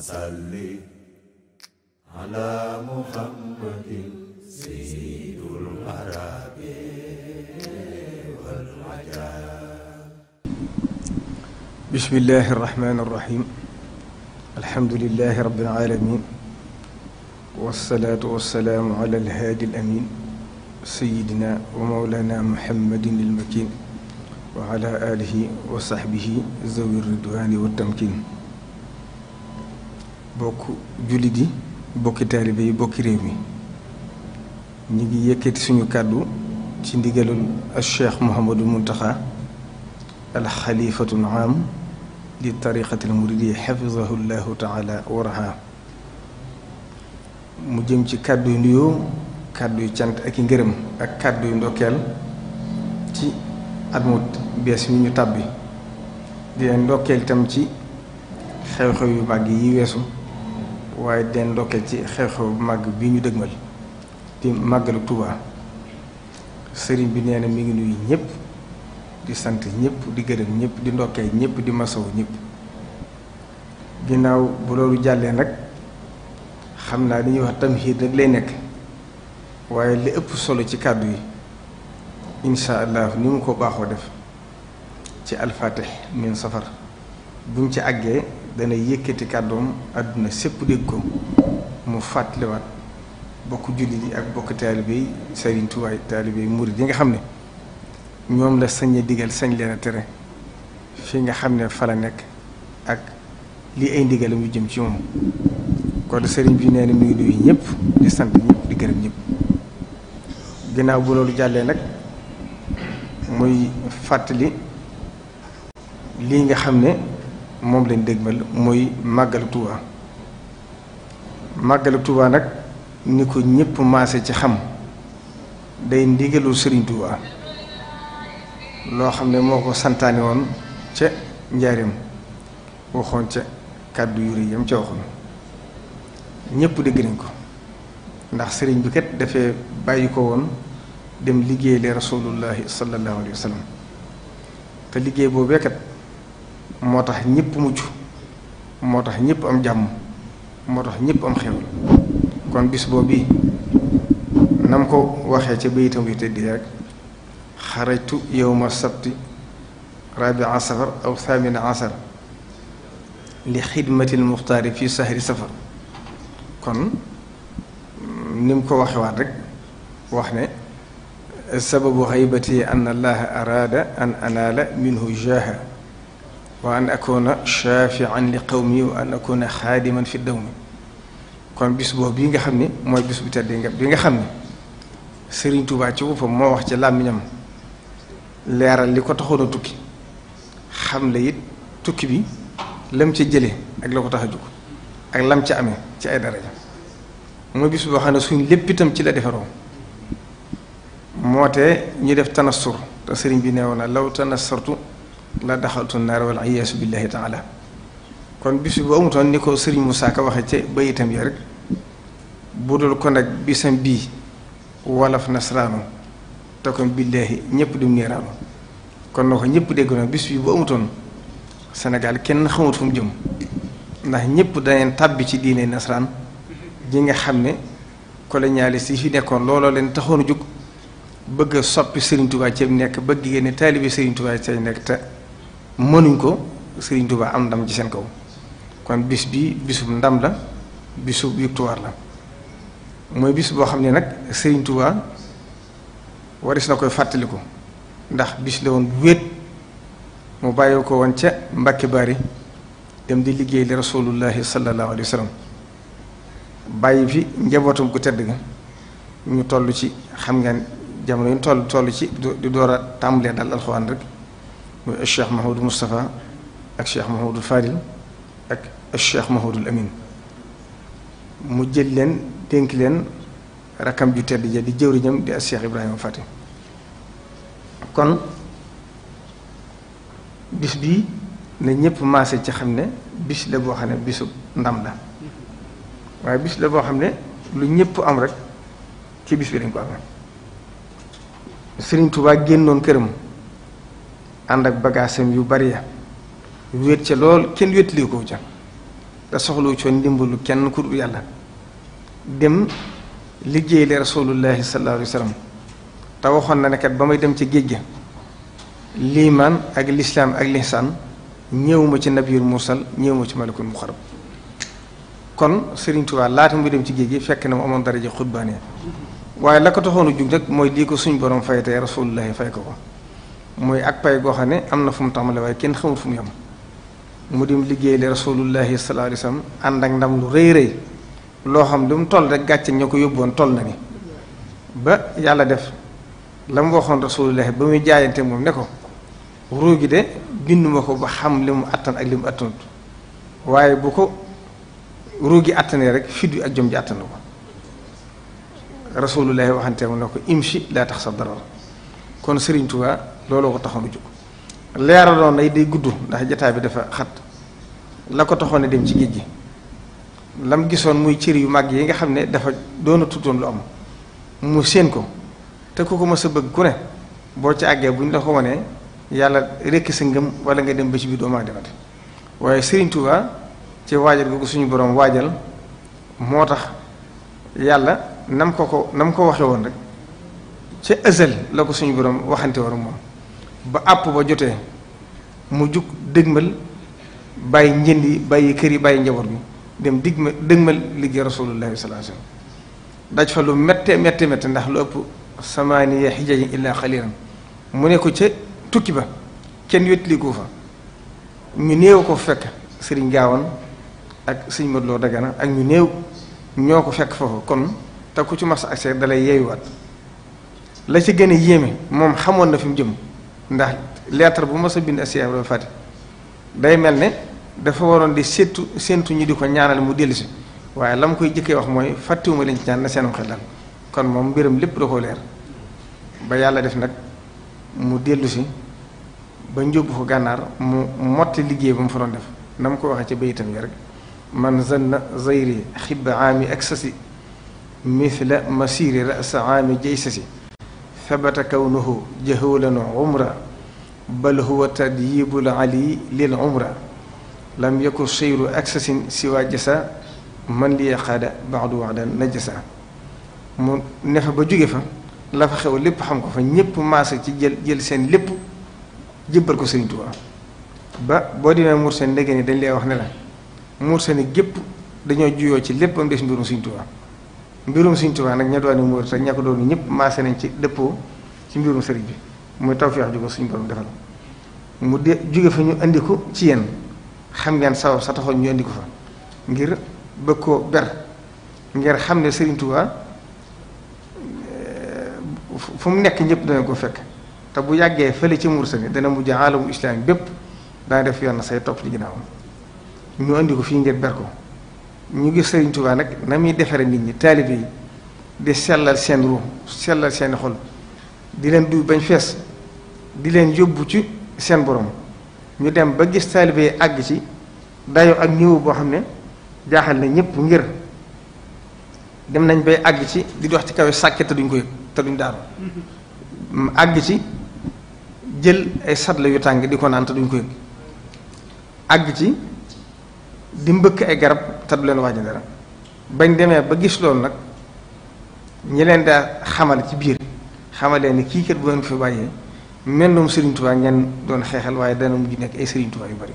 salli ala muhammadin sayyidul arabi wal ajam bismillahi arrahmani arrahim alhamdulillahi rabbil alamin والصلاة والسلام على الهادي الأمين سيدنا ومولانا محمد المكين وعلى آله وصحبه ذوي الرضوان والتمكين bokk jullit yi bokki taalibe yi bokki réew mi ñu ngi yëkkati suñu kàddu ci ndigalul al cheikh Mouhamadou Mountakha al xalifatul aam li tariqatil muridiyya mu jëm ci kàddu yu nuyoo kàddu yu cant ak i ngërëm ak kàddu yu ndokkeel ci at mu bees mi ñu tàbbi di ndokkeel itam ci xew-xew yu màgg yi weesu waaye den ndokkeel ci xew-xew bu màgg bi ñu dëgmal di màggalu Tuubaa sëriñ bi nee na mi ngi nuyu ñëpp di sant ñëpp di gërëm ñëpp di ndokkee ñëpp di masawu ñëpp ginnaaw bu loolu jàllee nag xam naa li ñuy wax tamxiir rek lay nekk waaye li ëpp solo ci kàddu yi incha allah ni mu ko baaxoo def ci alfatih min safar buñ ci àggee dana yëkkati kàddoom àdduna sépp dégg ko mu fàttaliwaat bokk jullit yi ak bokk taalibe yi Sëriñ Tuubaa taalibe yi murid nga xam ne ñoom la sañ a digal sañ leen a tere fi nga xam ne fala nekk ak lii ay ndigalam yu jëm ci moom kon sëriñ bi nee na mi ngi nuyu di sant ñëpp di gërëm ñëpp ginnaaw bu loolu jàllee nag muy fàttali lii nga xam ne moom lañ dégmal muy màggalu Tuuba màggalu Tuuba nag ni ko ñëpp maase ci xam day ndigalul Sëriñ Tuuba loo xam ne moo ko santaane woon ca njaareem waxoon ca kàddu yu rëy yam ca waxoon ñëpp dégg nañ ko ndax sëriñ bi kat dafee bàyyi ko woon dem liggéey le rasulullahi sallallahu alayhi wa te liggéey boobee moo tax ñëpp mucc moo tax ñëpp am jàmm moo tax ñëpp am xewal kon bis boobu bii nam ko waxee ca bayitam yu tëddi rek xarajtu yowma sabti rabia safar aw thamina asar li xidmatil muxtaari fi sahri safar kon ni mu ko waxewaat waat rek wax ne sababu xaybati an allaha araada an anaala minhu jaha wa an akuna shafian li qawmi wa an akuna xaadiman fi dawmi kon bis boobu bii nga xam ni mooy bis bu tedd nga bi nga xam ni Serigne Touba ci boppam moo wax ci làmmiñam leeral li ko taxoon tukki xam la it tukki bi lam ci jële ak la ko tax a jóg ak lam ci amee ci ay daraja mooy bis boo xam ne suñ lépp itam ci la defaroo moo te ñu def tanassur te sëriñ bi neewoon na law tanassartu la daxaltu naar wal iyaasu billahi taala kon bis bu amutoon ni ko sëriñ Moussa Ka waxee ca bayitam ya rek bu dul kon nag bisam bii wolof nasraanu te kon billaahi ñëpp dum niiraanu kon na ko ñëpp dégg na bis bi bu amutoon Sénégal kenn xamut fu jëm ndax ñëpp daneen tàbbi ci diine nasaraan ji nga xam ne colonialiste yi fi nekkoon looloo leen taxoon a bëgg a soppi Serigne Touba ci nekk bëgg ngeen ne taalibe Serigne Touba ci nekk te mënuñ ko Serigne Touba am ndam ci seen kaw kon bis bi bisub ndam la bisub victoire la mooy bis boo xam ne nag Serigne Touba waris na koy fàttaliku ndax bis la woon bu wéet mu bàyyi ko woon ca Mbàkke Bari dem di liggéey li rasulullahi sallallahu alayhi wa sallam bàyyi fi njabootam ku tedd ga ñu toll ci xam ngeen jamono yi tollu toll ci di door a tàmbalee dal alxuraan rek. muy cheikh Mahoudou Moustapha ak cheikh Mahoudou Fadil ak cheikh Mahoudou Amin mu jël leen dénk leen rakam ju tedd ja di jëwriñam di ak cheikh Ibrahima kon bis bi na ñëpp maase ci xam ne bis la boo xam ne bisu ndam la waaye bis la boo xam ne lu ñëpp am rek ci bis bi dañ ko amee Serigne Touba génnoon këram. ànd ak bagaasam yu bari ya wéet ca lool kenn wéetali ko ca te soxlu coon ndimbalu kenn ku yàlla dem liggéey le rasulullahi sallallahu alayhi wa waxoon na ne ba may dem ci géej gi liimaan ak lislaam ak lihsaan ñëwuma ci nabiyul mursal ñëwuma ci malakul muqarrab kon Serigne Touba laata muy dem ci géej gi fekk na mu amoon daraja xutbaane waaye la ko taxoon a jug nag mooy lii ko suñ borom fay tey rasulullahi fay ko ko mooy ak pay goo xam ne am na fu mu tàmbale waaye kenn xamul fu mu yem mu dim liggéey li rasulullahi sallallahu alayhi wasallam ànd ak ndam lu rëy rëy loo xam lu mu toll rek gàcce ñoo ko yóbboon toll na ba yàlla def la mu waxoon rasulullahi ba muy jaayante moom ne ko ruu gi de binduma ko ba xam li mu attan ak li waaye bu ko ruu gi attanee rek fit ak jom ji ko rasulullahi waxante mu ne ko imshi laa tax sa darar kon Serigne looloo ko taxoon a jóg leeraloon nay day gudd ndax jataay bi dafa xat la ko taxoon a dem ci géej gi lam gisoon muy cër yu mag yi nga xam ne dafa doona tutoon lu am mu séen ko te ku ko mës a bëgg ku ne boo ci àggee bu ñu la ko wanee yàlla rekk sa ngëm wala nga dem ba ci biir doomaa demate waaye Serigne Touba ci waajal ko suñu boroom waajal moo tax yàlla nam ko ko nam ko waxe woon rek ca ësal la ko suñu borom waxante waru moom ba àpp ba jotee mu jug dëgmal bàyyi njënd yi bàyyi kër yi bàyyi njaboot bi dem digma dëgmal liggéey rasulullahi sallallahu alayhi wasallam daj fa lu méttee méttee méttee ndax lu ëpp samaaniya xijajin illaa xalilan mu ne ko ca tukki ba kenn wétliku fa ñu néew ko fekk sëriñ gaawan ak sëñ Modou Lo Dagana ak ñu néew ñoo ko fekk foofu kon te ku ci mas ak seet dalay yeeyuwaat la ci gën a yéeme moom xamoon na fi mu jëm ndax lettre bu mos a bind Cheikh Ibrahima Fati day mel ne dafa waroon di séentu séentu ñu di ko ñaanal mu dellusi waaye la mu koy jëkkee wax mooy fàttewuma leen ci ñaan na seenum xel dal kon moom mbiram lépp da koo leer ba yàlla def nag mu dellu si ba njóbbu ko gànnaar mu motti liggéey ba mu fa doon def na mu ko waxee ci itam yi rek man zanna zayri xibba aami ak sasi mithla masiri rasa aami jay sasi sabata kawnuhu jahwalan umra bal huwa tadyibul ali lil umra lam yakun seyru aksasin siwa jasa man li yaqaada baadu waxdan najasa mu ne fa ba jóge fa la fa xew lépp xam ko fa ñépp maase ci jël jël seen lépp jébbal ko Sëriñ ba boo demee seen ndege ni dañ lay wax nela ne la Mauritanie gépp dañoo juyoo ci lépp am des mbirum Sëriñ Tuubaa mbirum Sëriñ Tuubaa nag ña doon murit sa ña ko doon ñëpp maase nañ ci dëppoo ci mbirum sëriñ bi muy tawfeex ju ko suñu borom defal mu de jóge fa ñu indi ci yéen xam ngeen sabab sa taxoon ñu indi ko fa ngir bëgg koo ber ngir xam ne Sëriñ Tuubaa eh, fu mu nekk ñëpp dana ko fekk te bu yàggee fële ci mursani dana mujj alamu islam bépp dana def yoon na say topp ci ginnaawam ñu indi ko fii ngir ber ko ñu gis Sëriñ tubaa nag na muy defaree nit ñi taalibe yi di sellal seen ruux sellal seen xol di leen duy bañ fees di leen yóbbu ci seen boroom ñu dem ba gis taalibe yi àgg ci dayoo ak ñëw boo xam ne jaaxal na ñëpp ngir dem nañ bay àgg ci di dox ci kaw sàkket duñ ko yëg te duñ daaru mm-hmm. àgg ci jël ay satla yu tàng di ko naan te duñ ko yëg àgg ci di mbëkk ay garab te du leen wàññi dara bañ demee ba gis loolu nag ñi leen daa xamal ci biir xamal leen ni kii kër bu leen fi bàyyee mel noonu Sëriñ Tuubaa ngeen doon xeexal waaye dana mujj nekk ay Sëriñ Tuubaa yu bari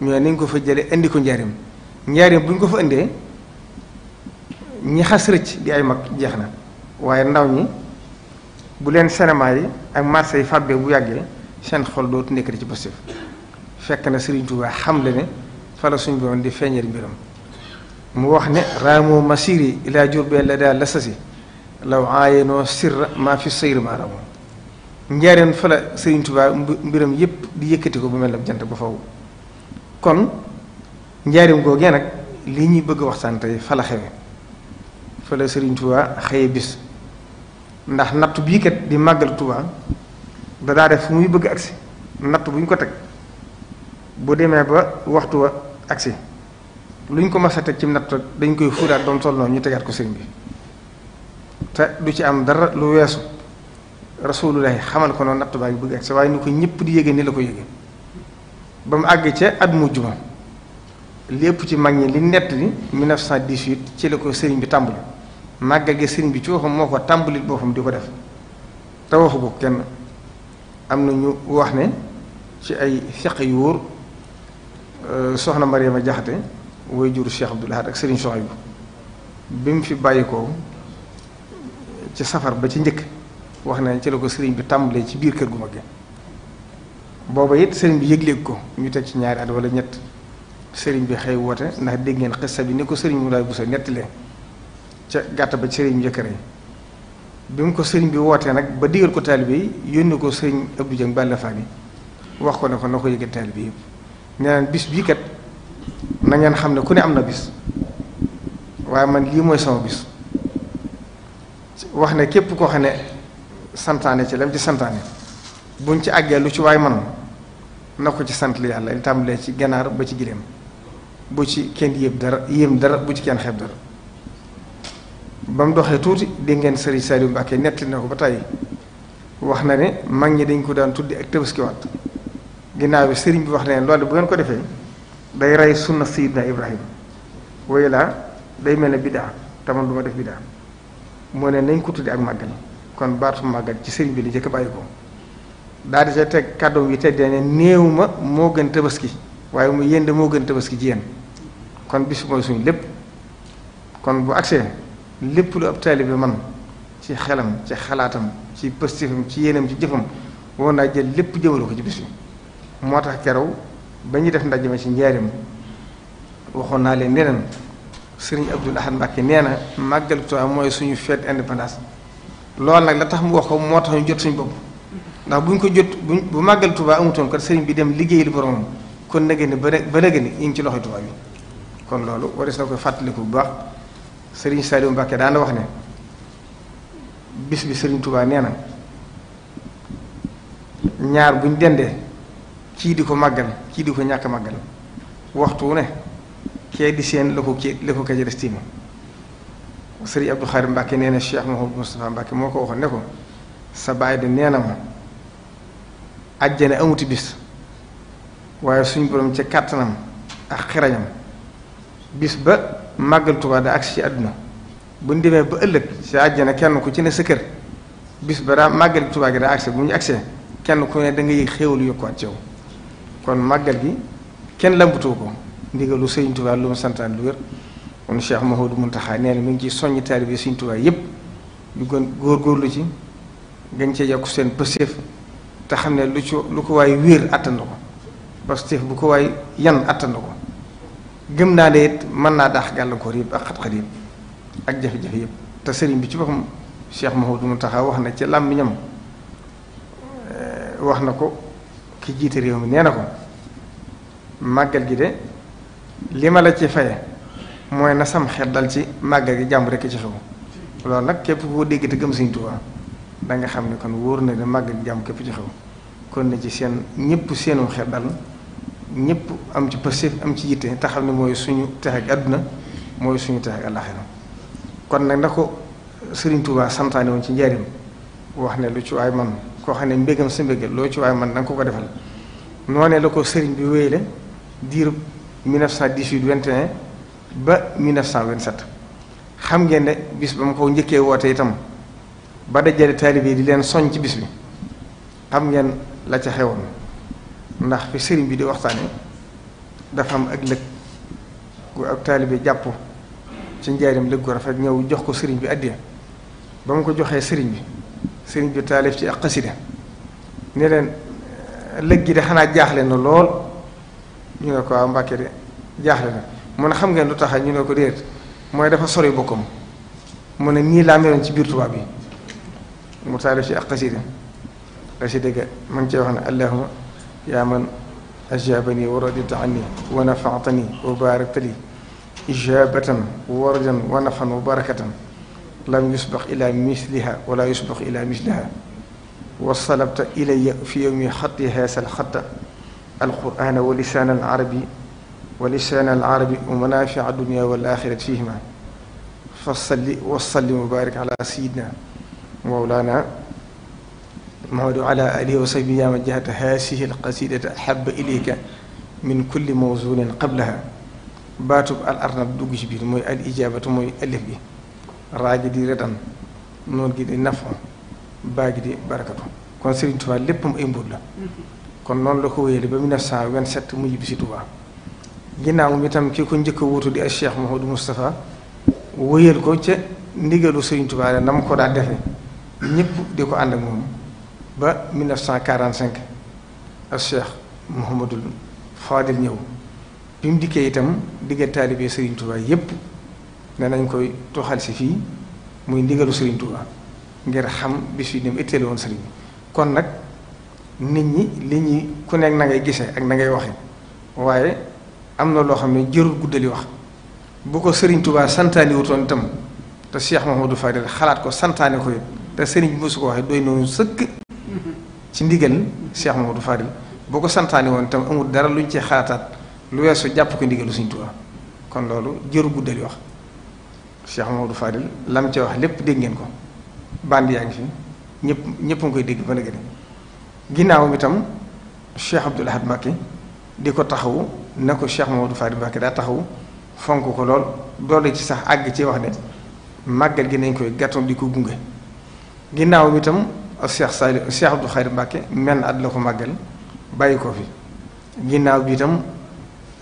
ñu ne nañ ko fa jëlee indi ko njaarim njaarim bu ñu ko fa indee ñi xas rëcc di ay mag jeex na waaye ndaw ñi bu leen cinéma yi ak marché yi fàbbee bu yàggee seen xol dootu nekk ci positif fekk na Sëriñ Tuubaa xam le ne fala suñ borom di feeñal mbiram mu wax ne raamu masiri ilaa jurbee la daal la sasi law aayenoo sirra maa fi sayri maa raamu njaareen fala Sëriñ Tuubaa mbiram yépp di yëkkati ko bu mel ne jant ba faw kon njaarim googee nag li ñuy bëgg waxtaan tey fala xewe fala Sëriñ Tuubaa xëye bis ndax natt bii kat di màggal Tuubaa da def fu muy bëgg agsi nattu bu ñu ko teg bu demee ba waxtu wa agsi lu ñu ko mas a teg ci natt dañ koy fuuraat doon toll noonu ñu tegaat ko sëriñ bi te du ci am dara lu weesu rasulullahi xamal ko noonu natt baa ngi bëgg agsi waaye ni ko ñëpp di yéege ni la ko yéege ba mu àgg ci at mujj ma lépp ci mag ñi li nett ni 1918 ci la ko sëriñ bi tàmbali màggal gi sëriñ bi ci waxam moo ko tàmbali boppam di ko def te waxu ko kenn am na ñu wax ne ci ay feq yu wóor Euh, soxna Mariama Jaxate woy jur Cheikh Abdoul Ahad sëriñ Serigne Souhaïbou bi mu fi bàyyi ko ci safar ba ci njëkk wax nañ ci la ko Serigne bi tàmbalee ci biir kër gu mag booba it Serigne bi yëgleeg ko ñu teg ci ñaari at wala ñett sëriñ bi xëy woote ndax dégg ngeen xissa bi ni ko Serigne mu daay busa nettalee ca gàtt ba Serigne yëkkëre bi mu ko Serigne bi wootee nag ba digal ko taalibe yi yónni ko Serigne Abdou Dieng Balla Fani wax ko ne ko na ko yëgal nee naan bis bii kat na ngeen xam ne ku ne am na bis waaye man lii mooy sama bis wax ne képp koo xam ne santaane ci lam ci santaane buñ ci àggee lu ci waay man na ko ci sant li yàlla li tàmbalee ci ganaar ba ci giléem bu ci kenn yéem dara yéem dara bu ci kenn xeeb dara ba mu doxee tuuti dégg ngeen Serigne Saliou Mbacké nettali na ko ba tey wax na ne mag ñi dañ ko daan tuddi ak tabaskiwaat ginnaaw bi sëriñ bi wax ne loolu bu ngeen ko defee day rey sunna sayidna ibrahim woyu laa day mel ne biddaa taman du ma def biddaa moo ne nañ ko tudde ak màggal kon baatu màggal ci sëriñ bi la jëkk bàyyi ko daal di sa teg kàddoom yi teddee ne néew ma moo gën tabaski waaye mu yéen de moo gën tabaski jiyeen kon bis mooy suñu lépp kon bu agsee lépp lu ab bi man ci xelam ci xalaatam ci pëstifam ci yéenam ci jëfam war naa jël lépp jëmale ko ci bis moo tax keroog ba ñuy def ndaj ma ci njaarim waxoon naa leen neneen sëriñ Abdul Ahad Mbàkke nee na màggal Tuubaa mooy suñu fête indépendance loolu nag la tax mu wax ko moo tax ñu jot suñu bopp ndax bu ñu ko jot bu bu màggal Tuubaa amutoon kat sëriñ bi dem liggéey liggéeyal boromam kon nag ni ba ba nag ni ñu ci loxo Tuubaa bi kon loolu war na ko fàttaliku bu baax sëriñ Saliou Mbàkke daana wax ne bis bi sëriñ tubaa nee na ñaar bu ñu dendee kii di ko màggal kii di ko ñàkk màggal waxtu ne kee di seen la ko kii la ko kaja des tiima sëriñ Abdou Khadre Mbàkke nee na Cheikh Mouhamadou Moustapha Mbàkke moo ko waxoon ne ko sa baay de nee na ma amuti bis waaye suñ borom ca kàttanam ak xirañam bis ba màggal Tuubaa da agsi ci àdduna bu ñu demee ba ëllëg ci àjjana kenn ku ci ne sa kër bis ba daa màggal Tuubaa gi daa agsi bu ñu agsee kenn ku ne da nga yëg xéewal yokkuwaat kon màggal gi kenn lambutoo ko ndigalu Sëriñ Tuubaa lu mu santaan lu wér kon Cheikh Mouhamadou Mountakha nee na mi ngi ci soññi taalibe Sëriñ Tuubaa yëpp ñu gën góorlu ci gën cee yokk seen pësteef te xam ne lu ci lu ko waay wéer àttan na ko pësteef bu ko waay yan àttan na ko gëm naa ne it mën naa daax gàllankoor yëpp ak xat-xat yëpp ak jafe-jafe yëpp te sëriñ bi ci boppam Cheikh Mouhamadou Mountakha wax na ci làmmiñam eh, wax na ko ci jiite réew mi nee na ko màggal gi de li ma la ci faye mooy na sam xel dal ci màggal gi jàmm rekk ci xew loolu nag képp koo dégg te gëm Sëñ Tuubaa da nga xam ne kon wóor na ne màggal gi képp ci xew kon ne ci seen ñëpp seenu xel dal ñëpp am ci passif am ci yitte te xam ne mooy suñu texe ak àdduna mooy suñu texe ak kon nag na ko Sëriñ Tuubaa santaane woon ci njariñ wax ne lu ci ay man koo xam ne mbégam sa mbégal loo ci waaye man na nga ko ko defal noonee la ko sëriñ bi wéyle diirub 1918 21 ba 1927 xam ngeen ne bis ba mu ko njëkkee woote itam ba dajale taalibe di leen soñ ci bis bi xam ngeen la ca xewoon ndax fi sëriñ bi di waxtaane dafa am ak lëg gu ak taalibe jàpp ci njaarim lëg ko rafet ñëw jox ko sëriñ bi addiya ba mu ko joxee sëriñ bi sëriñ bi taalif ci ak xasida ne leen lëg gi de xanaa jaaxle na lool ñu ne ko waaw Mbàkke de jaaxle na mu ne xam ngeen lu tax ñu ne ko déet mooy dafa sori bokkam mu ne nii laa meloon ci biir tubaab yi mu taalif ci ak xasida xasida ga ma ngi cee wax ne allahuma yaa man ajaabani wa radita anni wa nafaatani wa baarakta li ijaabatan wa warjan wa nafan wa barakatan lam yusbax ila misliha wala yusbax ila misliha wasalabta ilaya fi yowmi xatti heesal xatta alqurana wa lisaan alarabi wa lisaan alarabi wa manaafi dunia wal axirati fihima fa salli wa sallim wa barik ala sayidina mawlana Muhammad wa ala alihi wa sahbihi yaa man jahata haasihi alqasidata ahabba ilayka min kulli mawzunin qablaha baatub al arnab dugg ci biir mooy al ijaabatu mooy alif bi raa ji di retan noonu gi di nafa baa gi di barakatu kon Sëriñ Tuubaa léppam ay mbóot la kon noonu la ko wéyale ba vingt 1927 mu yibbi si Tuubaa ginnaaw mi itam ki ko njëkk a di ay Cheikh Mouhamadou Moustapha ko ca ndigalu Sëriñ Tuubaa ko daa defe ñëpp di ko ànd ak moom ba 1945 ak Cheikh Mouhamadou Fadil ñëw bi mu dikkee itam diggante taalibe Sëriñ Tuubaa yépp danañ koy tuxal si fii muy ndigalu sëriñ Touba ngir xam bi yi dem itteelu woon sëriñ kon nag nit ñi li ñuy ku nekk nangay ngay gisee ak na ngay waxe waaye am na loo xam ne jërul guddali wax bu ko sëriñ Touba santaani wutoon itam te Cheikh Mahamadou Fadel xalaat ko santaane ko yëpp te sëriñ bi su ko waxee doy noonu sëkk ci ndigal Cheikh Mahamadou Fadel boo ko santaane woon itam amul dara luñ ci xalaataat lu su jàpp ko ndigalu sëriñ Touba kon loolu jëru guddali wax Cheikh Mamadou Fadil lam ca wax lépp dégg ngeen ko band yaa ngi fi ñëpp ñëpp nga koy dégg ba léegi ginnaaw bi tam Cheikh Abdoul Ahad Mbacké di ko taxawu na ko Cheikh Mamadou Fadil Mbacké daa taxawu fonk ko lool doole ci sax àgg ci wax ne màggal gi nañ koy gàttoon di ko gunge ginnaaw bi tam Cheikh Sali Cheikh Abdou Khadre Mbacké menn at la ko màggal bàyyi ko fi ginnaaw bi itam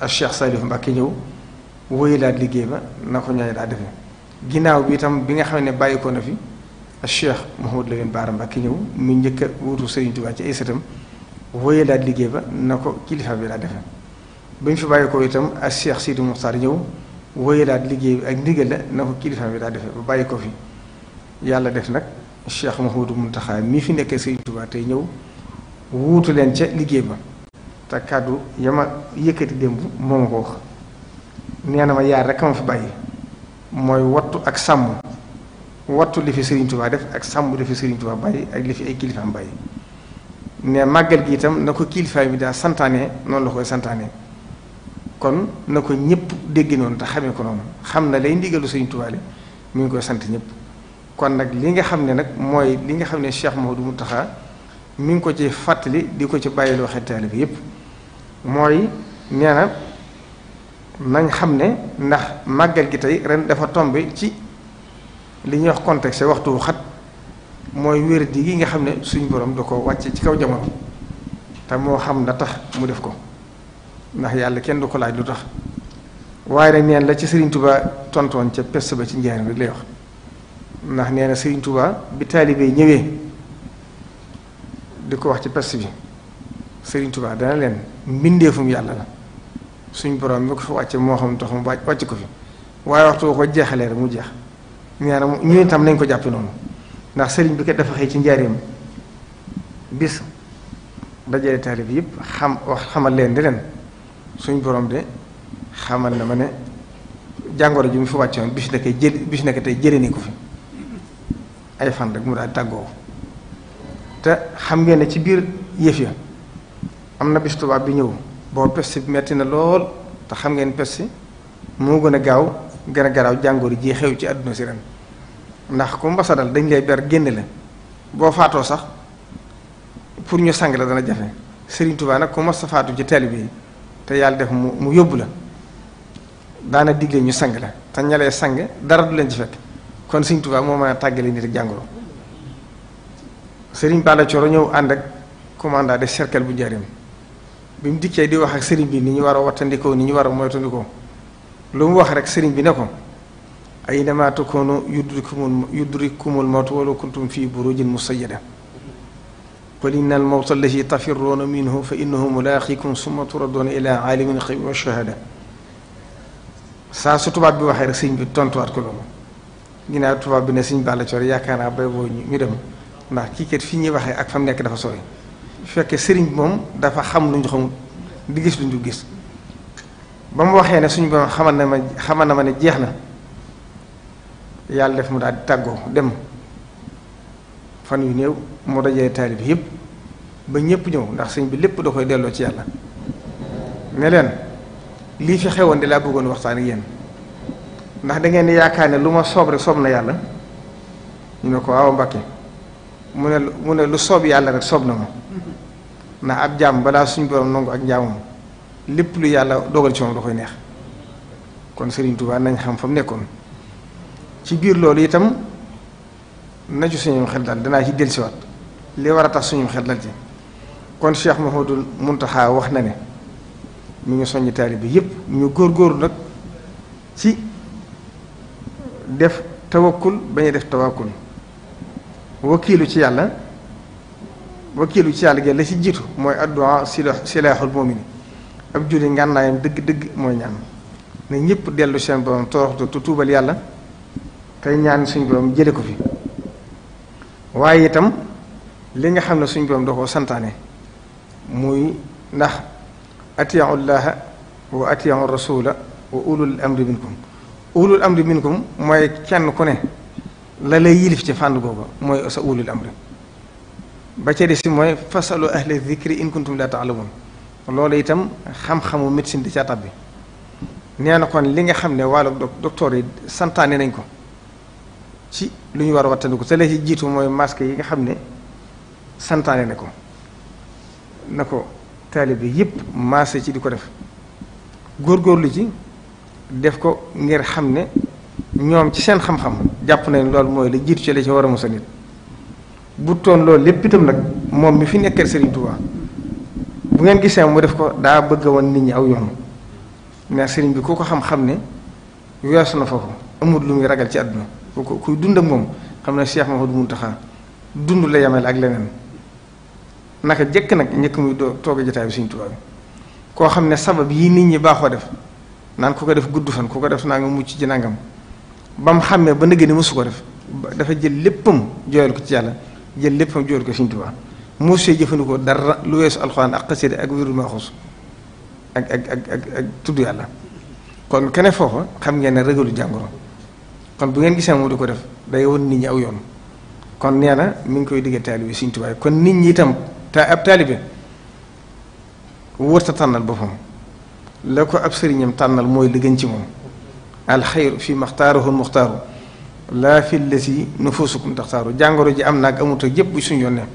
ak Cheikh Salif Mbacké ñëw wóylaat liggéey ba na ko ñooñu daa defee. ginnaaw bi itam bi nga xam ne bàyyi ko na fi Cheikh Mouhamadou Lamine Bara Mbacké ñëw mu njëkk a wutu Serigne Touba ci ay sëtam wóoyee daal liggéey ba na ko kilifa bi daa defee ba ñu fi bàyyi ko itam ak Cheikh Sidi ñëw wóoyee daal liggéey bi ak ndigal la na ko kilifa bi daa defee ba bàyyi ko fi yàlla def nag Cheikh Mouhamadou Mountakha mii fi nekkee Serigne Touba tey ñëw wuutu leen ca liggéey ba te kàddu yama yëkkati démb moo ma ko wax na ma yaar rek ma fi bàyyi. mooy wattu ak sàmm wattu li fi Serigne Touba def ak sàmm li fi Serigne Touba bàyyi ak li fi ay kilifaam bàyyi ne màggal gi itam na ko kilifaay bi daa santaane noonu la koy santaane kon na ko ñëpp dégg noonu te xamee ko noonu xam na lay ndigalu Serigne Touba li mu ngi koy sant ñëpp kon nag li nga xam ne nag mooy li nga xam ne du mu taxa mi ngi ko ci fàttali di ko ci bàyyiloo xettaali bi yëpp mooy nee na nañ xam ne ndax màggal gi tey ren dafa tombe ci li ñuy wax contexte waxtu wu xat mooy wér di gi nga xam ne suñ borom da ko wàcce ci kaw jamono te moo xam la tax mu def ko ndax yàlla kenn du ko laaj lu tax waaye nag neen la ci Serigne Touba tontoon ca pest ba ci njaaram rek lay wax ndax nee na Serigne Touba bi taalibee ñëwee di ko wax ci pest bi sëriñ tubaa dana leen mbindeefum yàlla la suñ borom mi ko fa wàcce moo xam tax mu wàcc ko fi waaye waxtu ko jeexalee rek mu jeex ñaar ñu itam nañ ko jàppe noonu ndax sëriñ bi kat dafa xëy ci njaareem bis dajale taalib yëpp xam wax xamal leen di leen suñ borom de xamal na ma ne jàngoro ji mu fi wàcce woon bis na ko jël bis na ko tey jëlee ni ko fi ay fan rek mu daal tàggoo te xam ngeen ne ci biir yëf ya am na bis tubaab bi ñëw. boobu peste bi metti na lool te xam ngeen peste moo gën a gaaw gën a garaaw jàngoor ji xew ci àdduna si ren ndax ku mbasadal dañ lay ber génne la boo faatoo sax pour ñu sang la dana jafe Serigne Touba nag ku mas a faatu ci taalibe te yàlla def mu mu yóbbu la daana digle ñu sang la te ñalee sang dara du leen ci fekk kon Serigne Touba moo mën a tàggale nit ak jàngoro sëriñ Balla Thioro ñëw ànd ak commandant de cercle bu Njaaréem bi mu dikkee di wax ak sëriñ bi ni ñu war a wattandikoo ni ñu war a moytandikoo lu mu wax rek sëriñ bi ne ko aynama takunu yudrikumul yudrikumul mawtu walaw kuntum fi burujin musayyada qul inna al mawta allazi tafirruuna minhu fa innahu mulaaqikum summa turadduuna ila aalimin xaybi wa shahada saa su tubaab bi waxee rek sëriñ bi tontuwaat ko loolu ginnaaw tubaab bi ne sëriñ Balla Coor yaakaar naa bay boo ñu dem ndax kii kat fii ñuy waxee ak fa mu nekk dafa sori fekke sëriñ bi moom dafa xam lu ñu di gis lu ñu gis ba mu waxee ne suñu borom xamal na ma xamal na ma ne jeex na yàlla def mu daal di tàggoo dem fan yu néew moo dajee taalib yëpp ba ñëpp ñëw ndax sëñ bi lépp da koy delloo ci yàlla ne leen lii fi xewoon di laa bëggoon waxtaan ak yéen ndax da ngeen di yaakaar ne lu ma soob rek soob na yàlla ñu ne ko waaw Mbàkke mu ne mu ne lu soob yàlla rek soob na ma ndax ab jàmm balaa suñ borom nangu ak njaamam lépp lu yàlla dogal ci moom da koy neex kon Serigne Touba nañ xam fa mu nekkoon ci biir loolu itam naju ci suñu xel dal danaa ci dellusiwaat li war a tax suñu xel dal ci kon Cheikh mun taxaa wax na ne mu ngi soññ taalibe bi yépp ñu góor góor nag ci def tawakkul ba a def tawakkul wakiilu ci yàlla. wakiilu ci yàlla gi la ci jiitu mooy addu'a silaaxul mu'min ab julli ngànnaayam dëgg dëgg mooy ñaan ne ñëpp dellu seen borom toroxtu tuubal yàlla tey ñaan suñ borom jële ko fi waaye itam li nga xam ne suñ borom da koo santaane muy ndax atiyu llaha wa atiyu rasula wa ulul amri minkum ulul amri minkum mooy kenn ku ne la lay yilif ci fànn googu mooy sa ulul amri ba ca des mooy fasalu ahla zikri in kuntum la taalamun loolu itam xam-xamu médecine di ca tàbbi nee na kon li nga xam ne wàllu docteur yi santaane nañ ko ci lu ñu war a wattandiku te la ci jiitu mooy masque yi nga xam ne santaane na ko na ko taalibe yépp maase ci di ko def góor góorlu ci def ko ngir xam ne ñoom ci seen xam-xam jàpp nañ loolu mooy la jiitu ci la ci war a musal nit bu toon loolu lépp itam nag moom mi fi nekkal Serigne Touba bu ngeen gisee mu def ko daa bëgg woon nit ñi aw yoon mais Serigne bi ku ko xam-xam ne weesu na foofu amul lu muy ragal ci àdduna ku ko kuy dund ak moom xam ne Cheikh Mouhamadou Mountakha dund la yemale ak leneen naka jëkk nag njëkk muy doo toog jotaay bi suñu Touba bi koo xam ne sabab yi nit ñi baaxoo def naan ku ko def gudd fan ku ko def naa nga mucc ci nangam ba mu xàmmee ba nëgë ni mësu ko def dafa jël léppam jooyal ko ci yàlla. jël lépp fam jóor ko Sëriñ Tuubaa mos see jëfandikoo dara lu weesu alxuraan ak xasida ak wérul maaxus ak ak ak ak ak tudd yàlla kon kene foofa xam ngeen ne rëgalu jàngoro kon bu ngeen gisee moom di ko def day won nit aw yoon kon nee na mi ngi koy digge taalibe Sëriñ kon nit ñi itam ab taalibe wërta tànnal boppam la ko ab sëriñam tànnal mooy li ci moom alxayru fi maxtaaruhu muxtaaru laa fillati nufusukum taxtaaru jàngoro ji am naag amut ak yëpp bu suñu yónnee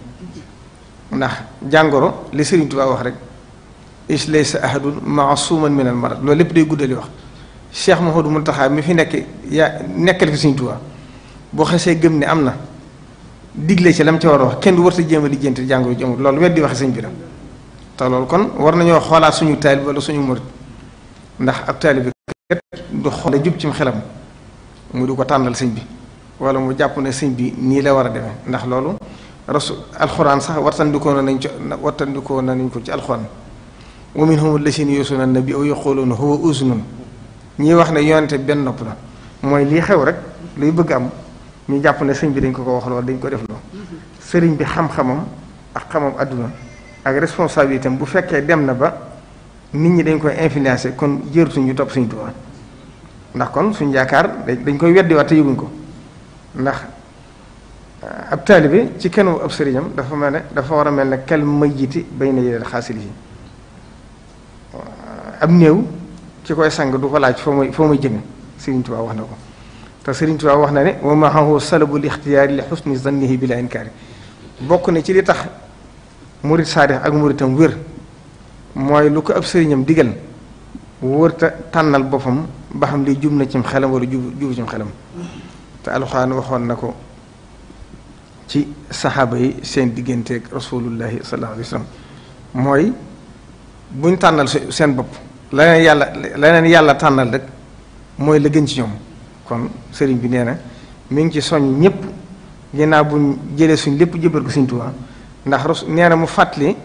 ndax jàngoro li Sëriñ Tuubaa wax rek is laysa ma maasuman min al marad loolu lépp day guddali wax Cheikh Mouhamadou Mountakha mi fi nekk yaa nekkal fi suñu Tuubaa boo xasee gëm ne am na digle ci mu ci war a wax kenn du war a jéem a lijjanti jàngoro ji amul loolu weddi waxe sëñ bi la te loolu kon war nañoo xoolaat suñu taalib wala suñu murit ndax ab taalib kat du xool jub ci xelam. mu di ko tànnal sëñ bi wala mu jàpp na sëñ bi nii la war a demee ndax loolu rasu alxuraan sax wattandikoo nañ ci wattandikoo nañ ko ci alxuraan wa minhum allazina bi nabiyya wa yaquluna huwa uzunun ñii wax ne yonente benn nopp la mooy lii xew rek luy bëgg am ñu jàpp ne sëñ bi dañ ko ko wax loolu dañ ko def loo sëriñ bi xam-xamam ak xamam àdduna ak responsabilité bu fekkee dem na ba nit ñi dañ koy influencer kon jërtuñu topp suñu Tuubaa ndax kon suñ yaakaar dañ koy weddi waat te yëguñ ko ndax ab taalibe ci kanamu ab sëriñam dafa mel ne dafa war a mel ne kal mayyiti bayna yadayil xaasilihi ab néew ci koy sang du ko laaj foo may foo may jëme Sëriñ Tuubaa wax na ko te Sëriñ Tuubaa wax na ne wa maahu salabul ixtiyaari li xusni zannihi bila inkaari bokk na ci li tax murit saadix ak muritam wér mooy lu ko ab sëriñam digal wërta tànnal boppam ba xam li jub na cim xelam wala jub jubu cim xelam te alxuraan waxoon na ko ci saxaaba yi seen digganteeg rasulullahi sallallahu alayhi wa sallam mooy buñ tànnal seen bopp leneen yàlla leneen yàlla tànnal rek mooy la gën ci ñoom kon sëriñ bi nee na mi ngi ci soñ ñëpp ginnaaw buñ jëlee suñ lépp jëbal ko suñ Tuubaa ndax ras nee na mu fàttali